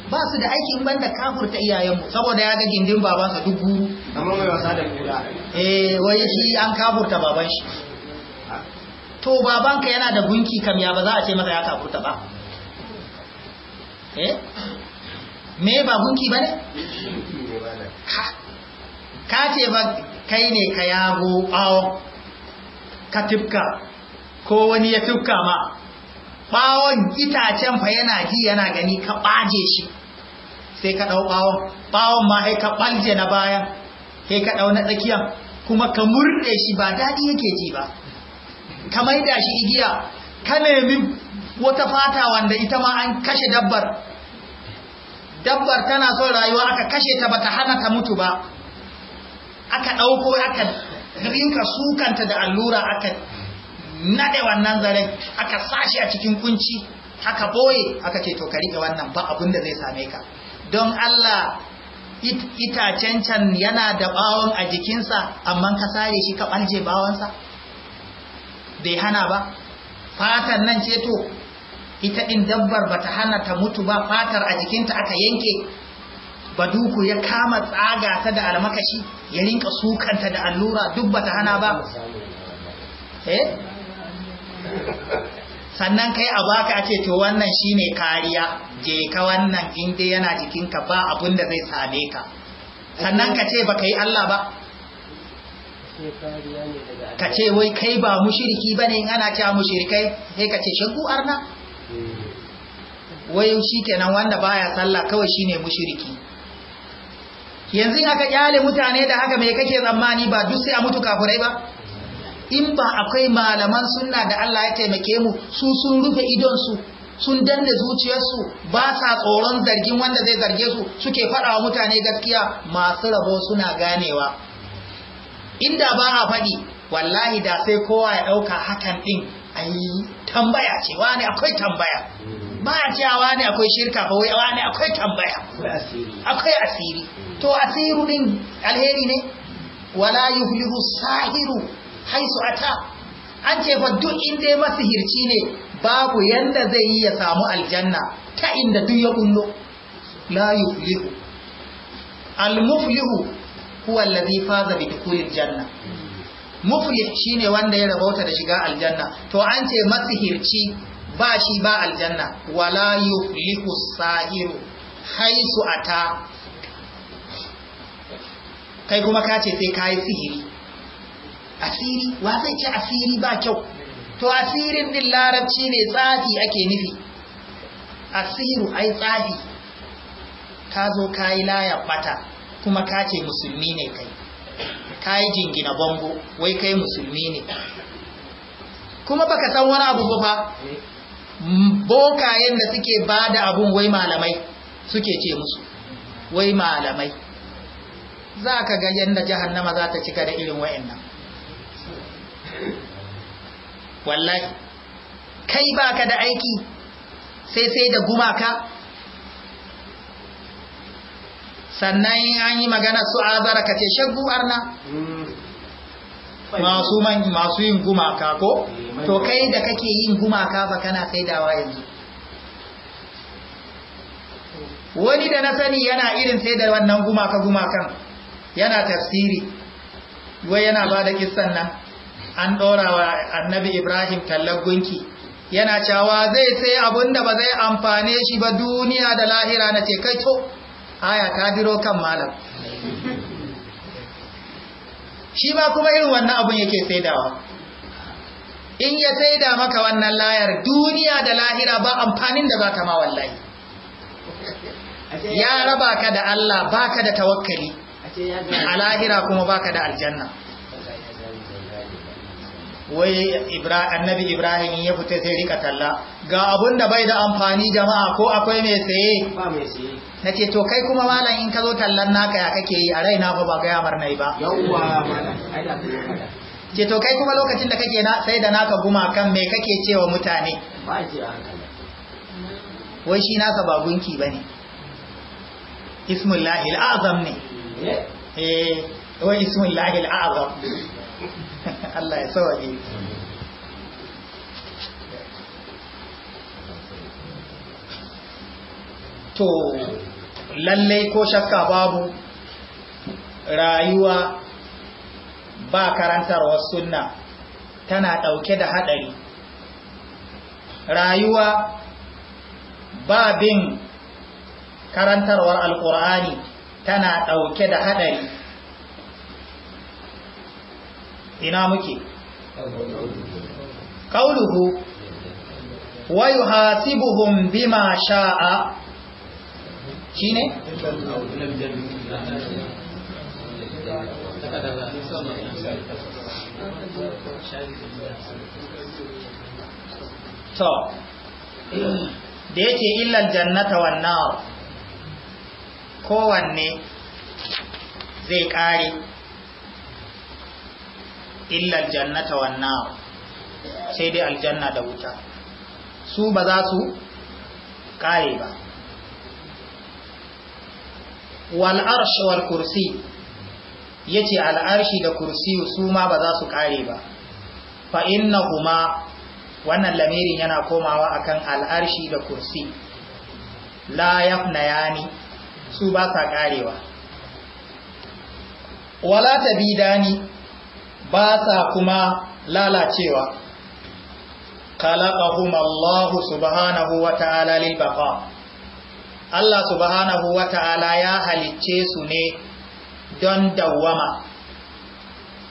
ba su da aikin banda kafurta iyayenmu saboda ya ga gindin sa duk guru amma mai wasa da kura eh wai shi an kafurta baban shi to babanka yana da gunki kam ya ba za a ce masa ya kafurta ba eh me ba gunki ba ne? ka ce ba kai ne ka yago ɓawon ka tufka ko wani ya tufka ma ɓawon itacen fa yana ji yana gani ka ɓaje shi sai ka ɗau ɓawon ɓawon ma sai ka ɓalje na baya sai ka ɗau na tsakiya kuma ka murde shi ba daɗi yake ji ba ka maida shi igiya ka nemi wata fata wanda ita ma an kashe dabbar dabbar tana son rayuwa aka kashe ta bata hana ta mutu ba aka ɗauko aka rinka sukanta da allura aka naɗe wannan zaren aka sashi a cikin kunci aka boye aka ce to ka riƙe wannan ba abin da zai same ka don Allah itacen can yana da bawon a jikinsa amma ka sare shi ka ɓalje bawonsa bai hana ba fatan nan ce to ita ɗin dabbar bata hana ta mutu ba fatar a jikinta aka yanke Ba duku ya kama tsaga ta da almakashi ya rinka sukanta da allura duk bata hana ba eh sannan kai a baka ake to wannan shine kariya je ka wannan in dai yana jikinka ba abin da zai same ka sannan ka ce baka yi Allah ba ka ce wai kai ba mushiriki bane in ana cewa mushirikai sai ka ce shagu arna Wai shi kenan wanda baya sallah kawai shine mushriki yanzu in aka kyale mutane da haka me kake tsammani ba duk sai a mutu kafirai ba in ba akwai malaman sunna da Allah ya taimake mu su sun rufe idon su sun danne su, ba sa tsoron zargin wanda zai zarge su suke faɗawa mutane gaskiya masu rabo suna ganewa inda ba a fadi, wallahi da sai kowa ya dauka hakan din, ai tambaya ce wani akwai tambaya mm. ba a cewa wani akwai shirka ba wai wani akwai tambaya akwai asiri to asiru din alheri ne wala yuhlihu sahiru haisu ata an ce fa duk inda ya masihirci ne babu yanda zai yi ya samu aljanna ta inda duk ya kullo la yuflihu al muflihu huwa allazi faza bi dukhulil janna shi shine wanda ya rabauta da shiga aljanna to an ce masihirci ba shi ba aljanna wala yuflihu sahiru haisu ata kai kuma ka ce sai kai sihiri asiri wa zai ce asiri ba kyau to asirin din larabci ne tsafi ake nufi asiru ai tsafi ka zo kayi layar bata kuma ka ce musulmi ne kai ka yi jingina bango wai kai musulmi ne kuma baka san wani abu ba bokayen da suke ba da abun wai malamai suke ce musu wai malamai za ka ga yadda jahannama za ta cika da irin wayannan wallahi kai baka da aiki sai sai da gumaka sannan an yi magana su azara zaraka ce shaggu arna masu yin gumaka ko eh, to kai da kake yin gumaka ba kana saidawa yanzu wani da na sani yana irin sai da wannan gumaka gumakan yana tafsiri wai yana ba da kisan nan an ɗora wa annabi ibrahim tallar gunki yana cewa zai sai abinda ba zai amfane shi ba duniya da lahira na ce kai to aya ta biro kan malam shi ma kuma irin wannan abun yake saidawa in ya saida maka wannan layar duniya da lahira ba amfanin da za ta ma wallahi ya raba ka da Allah baka da tawakkali a lahira kuma baka da aljanna wai annabi ibrahim ya fita sai rika talla ga abun da bai da amfani jama'a ko akwai mai tsaye na ce to kai kuma malam in ka zo tallan naka ya kake yi a raina ba ba gaya nai ba ce to kai kuma lokacin da kake sai da naka guma kan mai kake cewa mutane wai shi nasa ba gunki ba ne ismullahi al'azam ne eh, eh wai ismullahi al'azam Allah ya to lallai ko shakka babu rayuwa ba karantarwar sunna tana ɗauke da haɗari rayuwa ba bin karantarwar alƙur'ani tana ɗauke da haɗari ina muke qauluhu wa yuhasibuhum bima sha'a shine to da yake illal jannata wan kowanne zai kare illa aljannata wan nar sai dai aljanna da wuta su ba za su kare ba wal arsh wal kursi yace al arshi da kursi su ma ba za su kare ba fa innahuma wannan lamirin yana komawa akan al arshi da kursi la yafnayani su ba sa karewa wala tabidani ba sa kuma lalacewa khalaqahum Allah subhanahu wa ta'ala lil baqa Allah subhanahu wa ta'ala ya halicce su ne don dawwama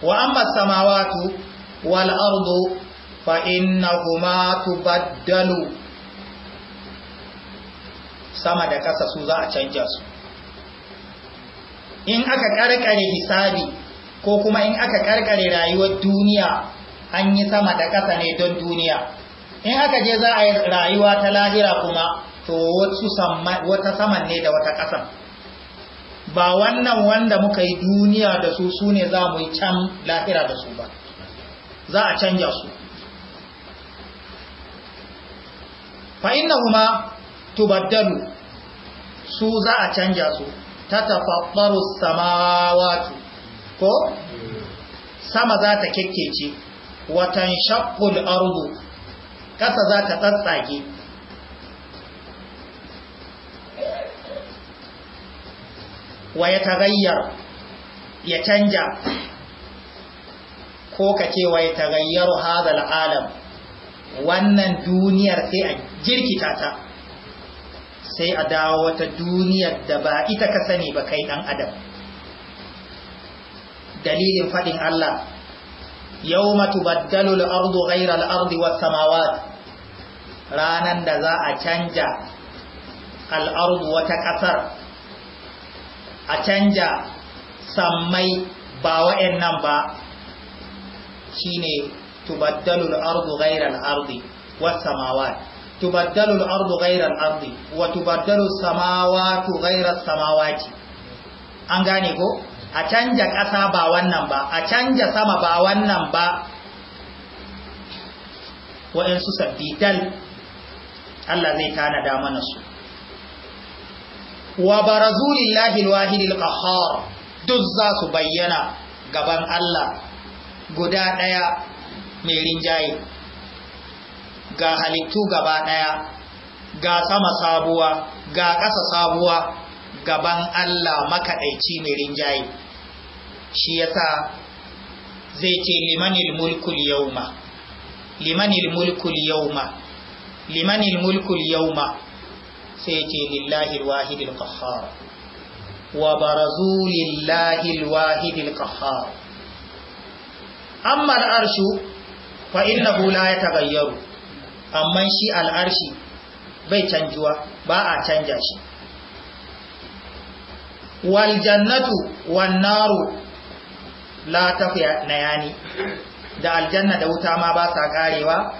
wa amma samawati wal ardu fa innahuma tubaddalu sama da kasa su za a canja su in aka karkare hisabi ko kuma in aka karkare rayuwar duniya an yi sama da ƙasa ne don duniya in aka je za a yi rayuwa ta lahira kuma to wata saman ne da wata ƙasan ba wannan wanda muka yi duniya da su su ne za mu yi can lahira da su ba za a canja su kuma tubaddalu su za a canja su ta tafaɓɓaru samawatu ko sama za ta kekkeci watan shaqqul ardu kasa za ta tsatsage wa ya tagayyar ya canja ko ka ce wa ya tagayyaru hadal alam wannan duniyar sai a jirkita ta sai a dawo wata duniyar da ba ita ka sani ba kai dan adam dalilin faɗin Allah yau matubaddalu al'ardu ghairar ardi wata mawad ranar da za a canja al'ardu wata ƙasar a canja sammai ba wa'yan nan ba shi ne tubaddalu al'ardu ghairar ardi wata mawad tubaddalu al'ardu ghairar ardi wa tubaddalu samawatu ghairar samawati an gane ko? a canja ƙasa ba wannan ba a canja sama ba wannan ba waɗansu sabbital Allah zai tanada mana su wa barazulillahi lillahi alwahidil qahhar duk za su bayyana gaban Allah guda ɗaya mai rinjaye ga halittu gaba ɗaya ga sama sabuwa ga ƙasa sabuwa gaban Allah makaɗaici mai rinjaye shi yasa zai ce limanil mulkul yauma limanil mulkul yauma limanil mulkul yauma sai ce lillahi alwahidil qahhar wa barazu lillahi alwahidil qahhar amma al'arshu fa innahu la yataghayyaru amma shi al'arshi bai canjuwa ba a canja shi wal jannatu wan naru la da aljanna da wuta ma ba sa karewa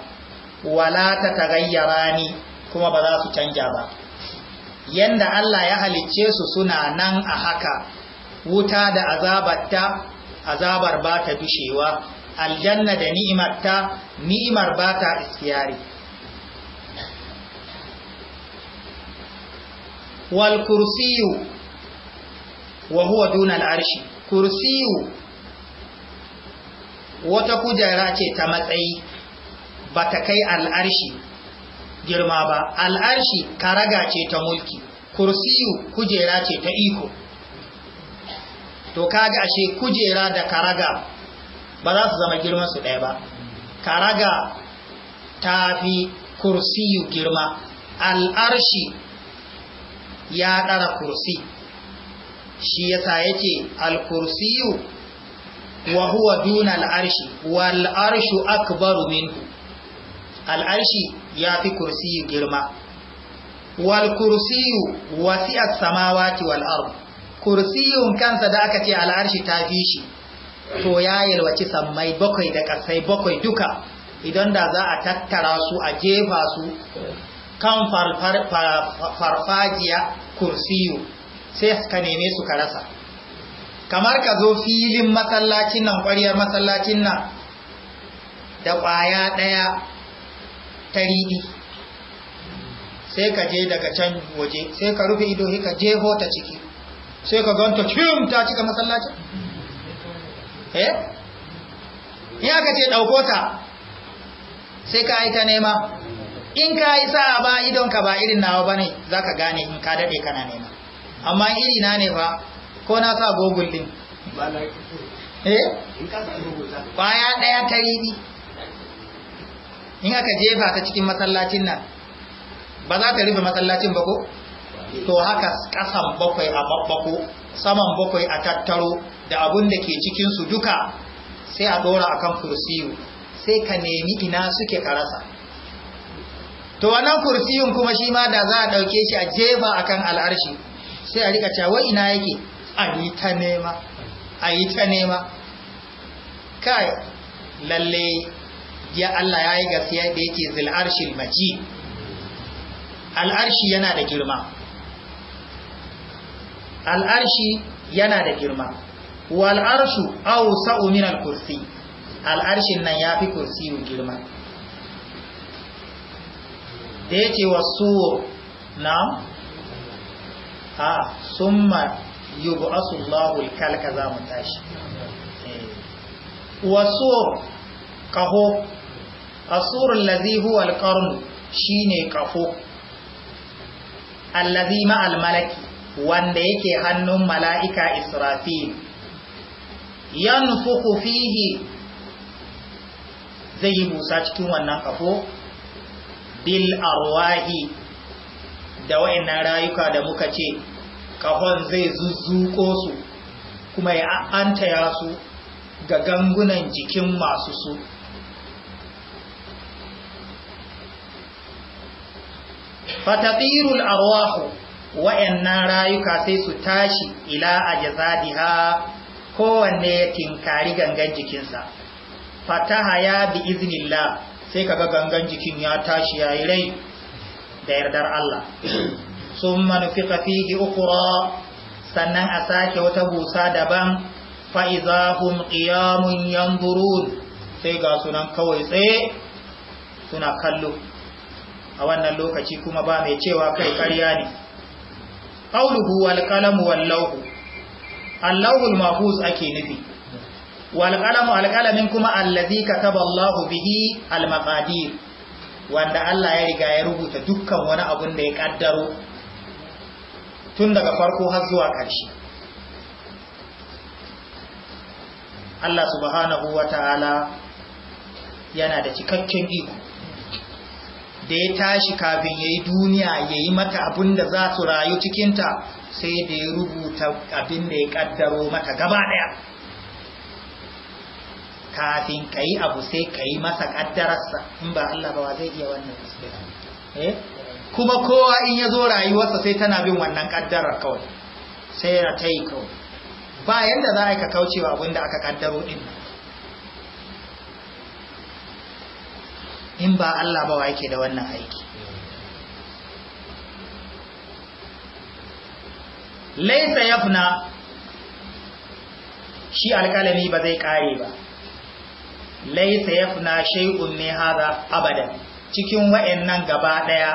wala ta tagayyarani kuma ba za su canja ba yanda Allah ya halicce su suna nan a haka wuta da azabarta azabar ba ta dushewa aljanna da ni'imarta ni'imar ba ta iskiyari wal kursiyu wa huwa dunal arshi kursiyu wata kujera ce ta matsayi bata kai al'arshi girma ba al'arshi karaga ce ta mulki kursiyu kujera ce ta iko to kaga ashe kujera da karaga ba za su zama girman su ɗaya ba karaga ta fi kursiyu girma al'arshi ya ɗara kursi shi yasa yake al-kursiyu wa huwa duna al-arshi wal arshu akbaru minhu al-arshi yafi kursiyu girma wal kursiyu wasi'at samawati wal ard kursiyun kansa da aka ce al-arshi fi shi to ya yalwaci sammai bakwai da kasai bakwai duka idan da za a tattara su a jefa su kan farfajiya kursiyu sai ka neme su ka rasa kamar ka zo filin masallacin nan ƙwariyar masallacin nan da ƙwaya ɗaya ta riɗi sai ka je daga can waje sai ka rufe ido ka jeho ta ciki sai ka ganta cikin ta cika masallacin eh ya ka ce ɗauko ta sai ka yi ta nema in ka yi sa'a ba idonka ba irin nawa ba ne za ka gane in ka daɗe kana nema amma iri na ne fa ko na sa google din eh kwaya daya ta riɗi in aka jefa ta cikin masallacin nan ba za ta rufe masallacin ba ko to haka kasan bakwai a babbako saman bakwai a tattaro da abun da ke cikin su duka sai a dora akan kursiyu sai ka nemi ina suke karasa to wannan kursiyun kuma shi ma da za a dauke shi a jefa akan al'arshi sai a rika cewa ina yake a yi ta nema a yi ta nema kai lalle ya Allah ya yi gaskiya da yake zil arshil maji al'arshi yana da girma al'arshi yana da girma wal arshu aw sa'u min al kursi al'arshin nan yafi kursi girma da yake wasu na a summa yub'asu Allahu kalka za mu tashi eh. Wasu kaho Asurin Lazihu huwa alqarn shine kafo allazi ma'al malaki wanda yake hannun mala'ika israfil yanfuku fihi zai yi busa cikin wannan kaho. bil arwahi da wayannan rayuka da muka ce ƙahon zai zuzzuko su kuma ya antaya su ga gangunan jikin masu su fatattirul arwahu wayannan rayuka sai su tashi ila a ha kowanne ya tinkari gangan jikinsa fataha ya bi iznillah sai kaga gangan jikin ya tashi ya yi rai da yardar Allah sun manufi fihi ukura sannan a sake wata busa daban fa'izahun hun ƙiyamun yanzurun sai ga sunan kawai tsaye suna kallo a wannan lokaci kuma ba mai cewa kai karya ne ƙauluhu alƙalamu wallahu allahul mahuz ake nufi walƙalamu alƙalamin kuma allazi kataba allahu bihi almaqadir wanda Allah ya riga ya rubuta dukkan wani abun da ya kaddaro tun daga farko har zuwa ƙarshe Allah subhanahu wata'ala yana da cikakken iko da ya tashi kafin ya yi duniya ya yi mata abun da za su rayu cikinta sai da ya rubuta abin da ya kaddaro mata gaba ɗaya kafin ka yi abu sai ka yi masa ƙaddararsa in ba Allah ba zai iya wannan isbira eh? kuma kowa in ya zo rayuwarsa sai tana bin wannan ƙaddarar kawai sai yana ta yi kawai ba yadda za a ka kaucewa abin da aka ƙaddaro ɗin in ba Allah ba wa yake da wannan aiki laisa yafna shi alƙalami ba zai ƙare ba laisa yafna shay'un ne hada abada, cikin wayannan gaba daya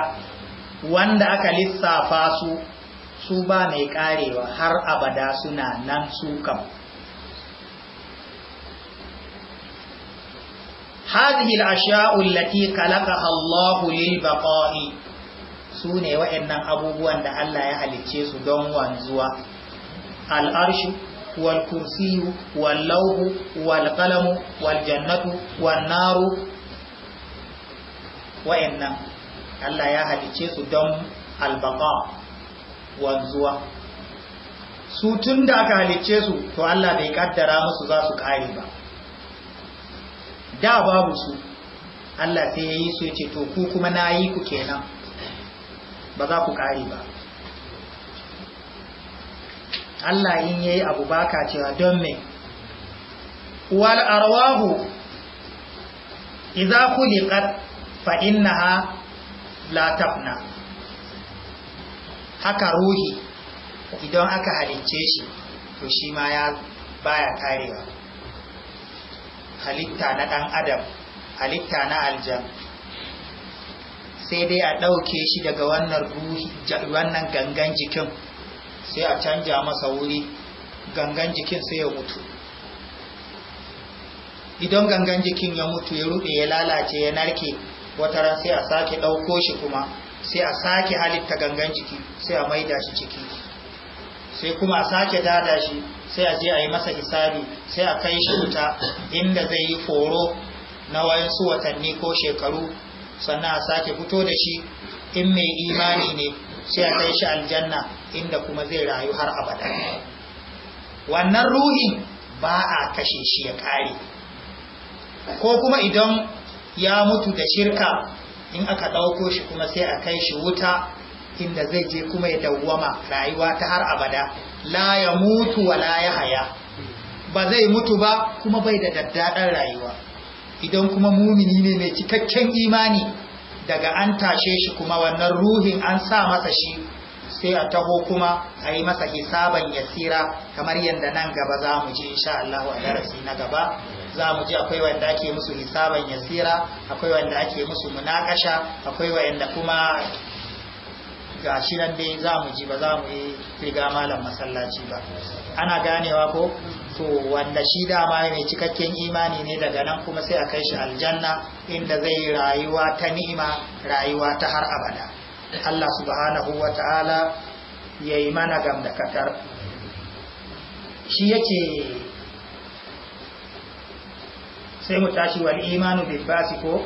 wanda aka lissafa su su ba mai karewa har abada suna nan su kam hadhihi al-ashya'u allati khalaqaha Allahu lil baqa'i sune wayannan abubuwan da Allah ya halicce su don wanzuwa al-arshu wal واللوح wal والجنة wal وإن wal jannatu wan naru البقاء Allah ya su su tun da aka halicce su to Allah bai kaddara musu za su kare ba da babu su Allah sai ya yi su ya ce to ku kuma na yi ku kenan ba za ku kare ba Allah in yayi abu baka cewa don me wal arwahu idza khuliqat fa innaha la tafna haka ruhi idan aka halicce shi to shi ma ya baya karewa halitta na dan adam halitta na aljan sai dai a ɗauke shi daga wannan ruhi wannan gangan jikin sai a canja masa wuri gangan jikin sai ya mutu idan gangan jikin ya mutu ya rube ya lalace ya narke wata ran sai a sake ɗauko shi kuma sai a sake halitta gangan jiki sai a maida shi ciki sai kuma a sake dada shi sai a je a yi masa hisabi sai a kai shi wuta inda zai yi foro na wayansu watanni ko shekaru sannan a sake fito da shi in mai imani ne sai a kai shi aljanna inda kuma zai rayu har abada wannan ruhin ba a kashe shi ya kare ko kuma idan ya mutu da shirka in aka ɗauko shi kuma sai a kai shi wuta inda zai je kuma ya dawwama rayuwa ta har abada la ya mutu wa la ya haya ba zai mutu ba kuma bai da daddaɗar rayuwa idan kuma mumini ne mai cikakken imani daga an tashe shi kuma wannan ruhin an sa masa shi sai a taho kuma a yi masa hisaban yasira kamar yadda nan gaba za mu ji insha Allah a darasi na gaba za mu ji akwai wanda ake musu hisaban yasira akwai wanda ake musu munakasha akwai wanda kuma ga shi nan dai za mu ji ba za mu yi riga malam masallaci ba ana ganewa ko to wanda shi dama mai cikakken imani ne daga nan kuma sai a kai shi aljanna inda zai rayuwa ta ni'ima rayuwa ta har abada Allah subhanahu wa ta'ala ya yi mana gamdakatar shi yake sai mu tashi wal imanu bil basi ko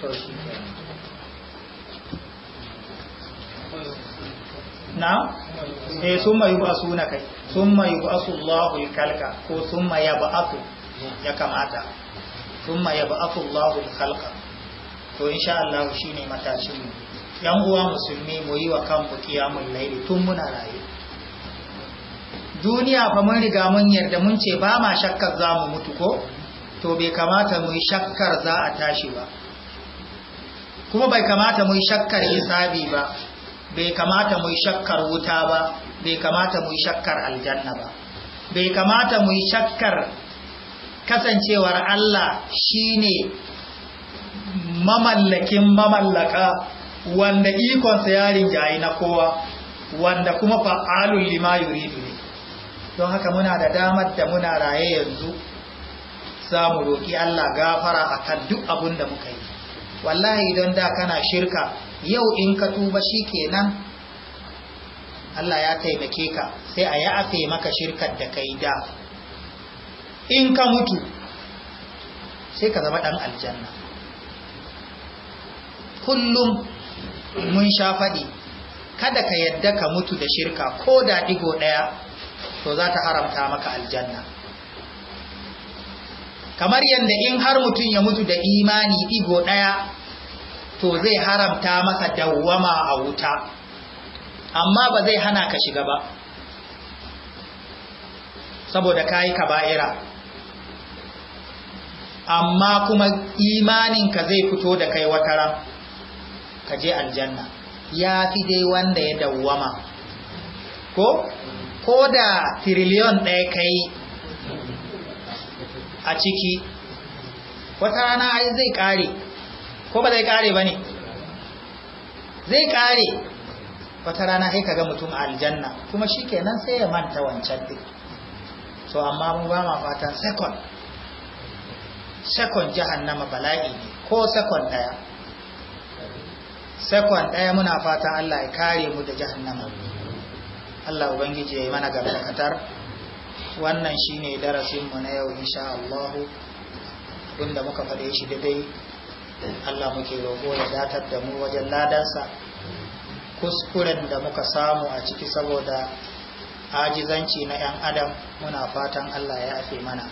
to shi na eh summa yubasuna kai summa yubasu Allahu al-khalqa ko summa yab'athu ya kamata summa yab'athu Allahu al-khalqa to insha Allah shine matashin mu yan uwa musulmi mu yi wa kanmu kiyamun laili tun muna raye duniya fa mun riga mun yarda mun ce ba ma shakkar za mu mutu ko to bai kamata mu yi shakkar za a tashi ba kuma bai kamata mu yi shakkar hisabi ba bai kamata mu yi shakkar wuta ba bai kamata mu yi shakkar aljanna ba bai kamata mu yi shakkar kasancewar Allah shine mamallakin mamallaka wanda ikonsa ya rinjayi na kowa wanda kuma fa'alun lima yuridu ne don haka muna da damar da muna raye yanzu za mu roƙi Allah gafara a kan duk abin da muka yi wallahi don da kana shirka yau in ka tuba shi kenan Allah ya taimake ka sai a yafe maka shirkar da kai da in ka mutu sai ka zama ɗan aljanna kullum mun sha faɗi kada ka yadda ka mutu da shirka ko da ɗigo ɗaya to za ta haramta maka aljanna kamar yadda in har mutum ya mutu da imani ɗigo ɗaya to zai haramta maka dawwama a wuta amma ba zai hana ka shiga ba saboda ka yi kaba'ira amma kuma imaninka zai fito da kai wataran ka je aljanna ya fi dai wanda ya dawwama ko ko da tiriliyon ɗaya kai a ciki wata rana ai zai ƙare ko ba zai ƙare ba ne zai ƙare wata rana sai kaga mutum aljanna kuma shi kenan sai ya manta wancan ɗin so amma mu ba ma fatan second second jahannama bala'i ne ko second ɗaya sekon ɗaya muna fatan Allah ya kare mu da jahannama Allah ubangiji ya yi mana gargakatar wannan shine darasin mu na yau insha Allah abinda muka faɗe shi dai Allah muke roƙo ya datar da mu wajen ladansa kuskuren da muka samu a ciki saboda ajizanci na 'yan adam muna fatan Allah ya afe mana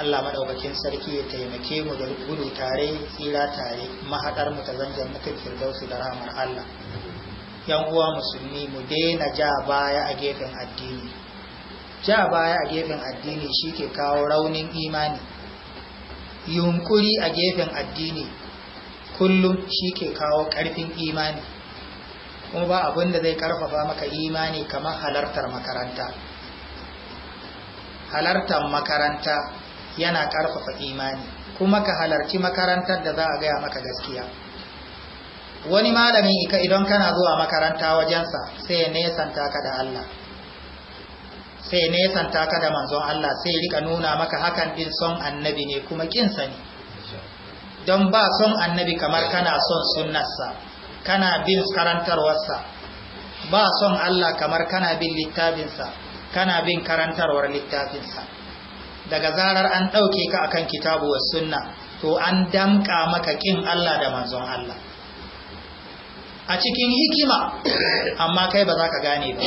Allah madaukakin sarki ya taimake mu da gudu tare tsira tare mahaɗar mu ta zanjan mutum firdausu da rahamar Allah yan uwa musulmi mu daina ja baya a gefen addini ja baya a gefen addini shi ke kawo raunin imani yunkuri a gefen addini kullum shi ke kawo ƙarfin imani kuma ba abin da zai karfafa maka imani kamar halartar makaranta halartar makaranta yana ƙarfafa imani kuma ka halarci makarantar da za a gaya maka gaskiya wani malami ika idan kana zuwa makaranta wajensa sai nesanta ka da Allah sai nesanta ka da manzon Allah sai rika nuna maka hakan din son annabi ne kuma kin sani don ba son annabi kamar kana son sunnarsa kana bin karantarwarsa ba son Allah kamar kana bin littafinsa kana bin karantarwar littafinsa daga zarar an ɗauke ka akan kitabu wa sunna to an damƙa maka ƙin Allah da manzon Allah a cikin hikima amma kai ba za ka gane ba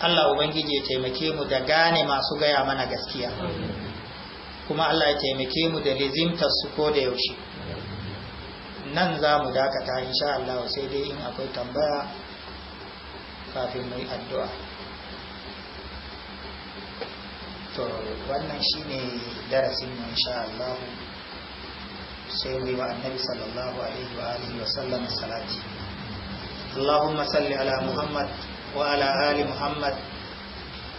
Allah Ubangiji ya taimake mu da gane masu gaya mana gaskiya kuma Allah ya taimake mu da lizimtar su ko da yaushe nan za mu dakata insha Allah sai dai in akwai tambaya kafin mu yi addu'a to wannan shine darasin mu insha Allah sai mu yi wa annabi sallallahu alaihi wa alihi wa sallam salati Allahumma salli ala Muhammad wa ala ali Muhammad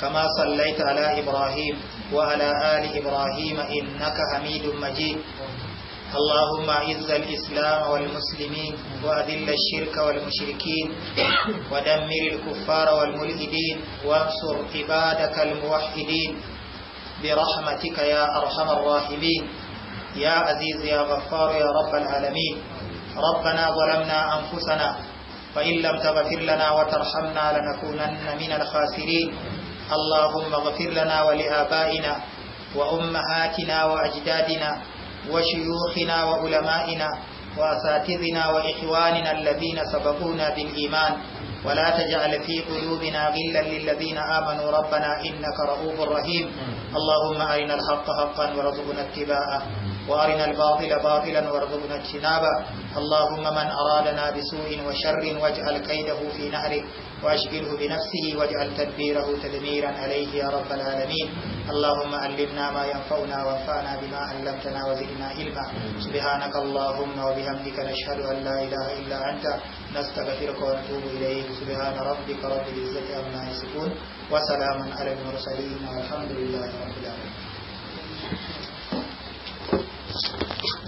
كما صليت على إبراهيم وعلى آل إبراهيم إنك حميد مجيد اللهم اعز الإسلام والمسلمين وأذل الشرك والمشركين ودمر الكفار والملحدين وانصر عبادك الموحدين برحمتك يا أرحم الراحمين يا عزيز يا غفار يا رب العالمين ربنا ظلمنا أنفسنا فإن لم تغفر لنا وترحمنا لنكونن من الخاسرين اللهم اغفر لنا ولآبائنا وأمهاتنا وأجدادنا وشيوخنا وعلمائنا وأساتذنا وإخواننا الذين سبقونا بالإيمان ولا تجعل في قلوبنا غلا للذين آمنوا ربنا إنك رؤوف رحيم اللهم أرنا الحق حقا وارزقنا اتباعه وارنا الباطل باطلا وارزقنا اجتنابه اللهم من ارادنا بسوء وشر واجعل كيده في نهره واشغله بنفسه واجعل تدبيره تدميرا عليه يا رب العالمين اللهم علمنا ما ينفعنا وانفعنا بما علمتنا وزدنا علما سبحانك اللهم وبحمدك نشهد ان لا اله الا انت نستغفرك ونتوب إليك سبحان ربك رب العزة عما يصفون وسلام على المرسلين والحمد لله رب العالمين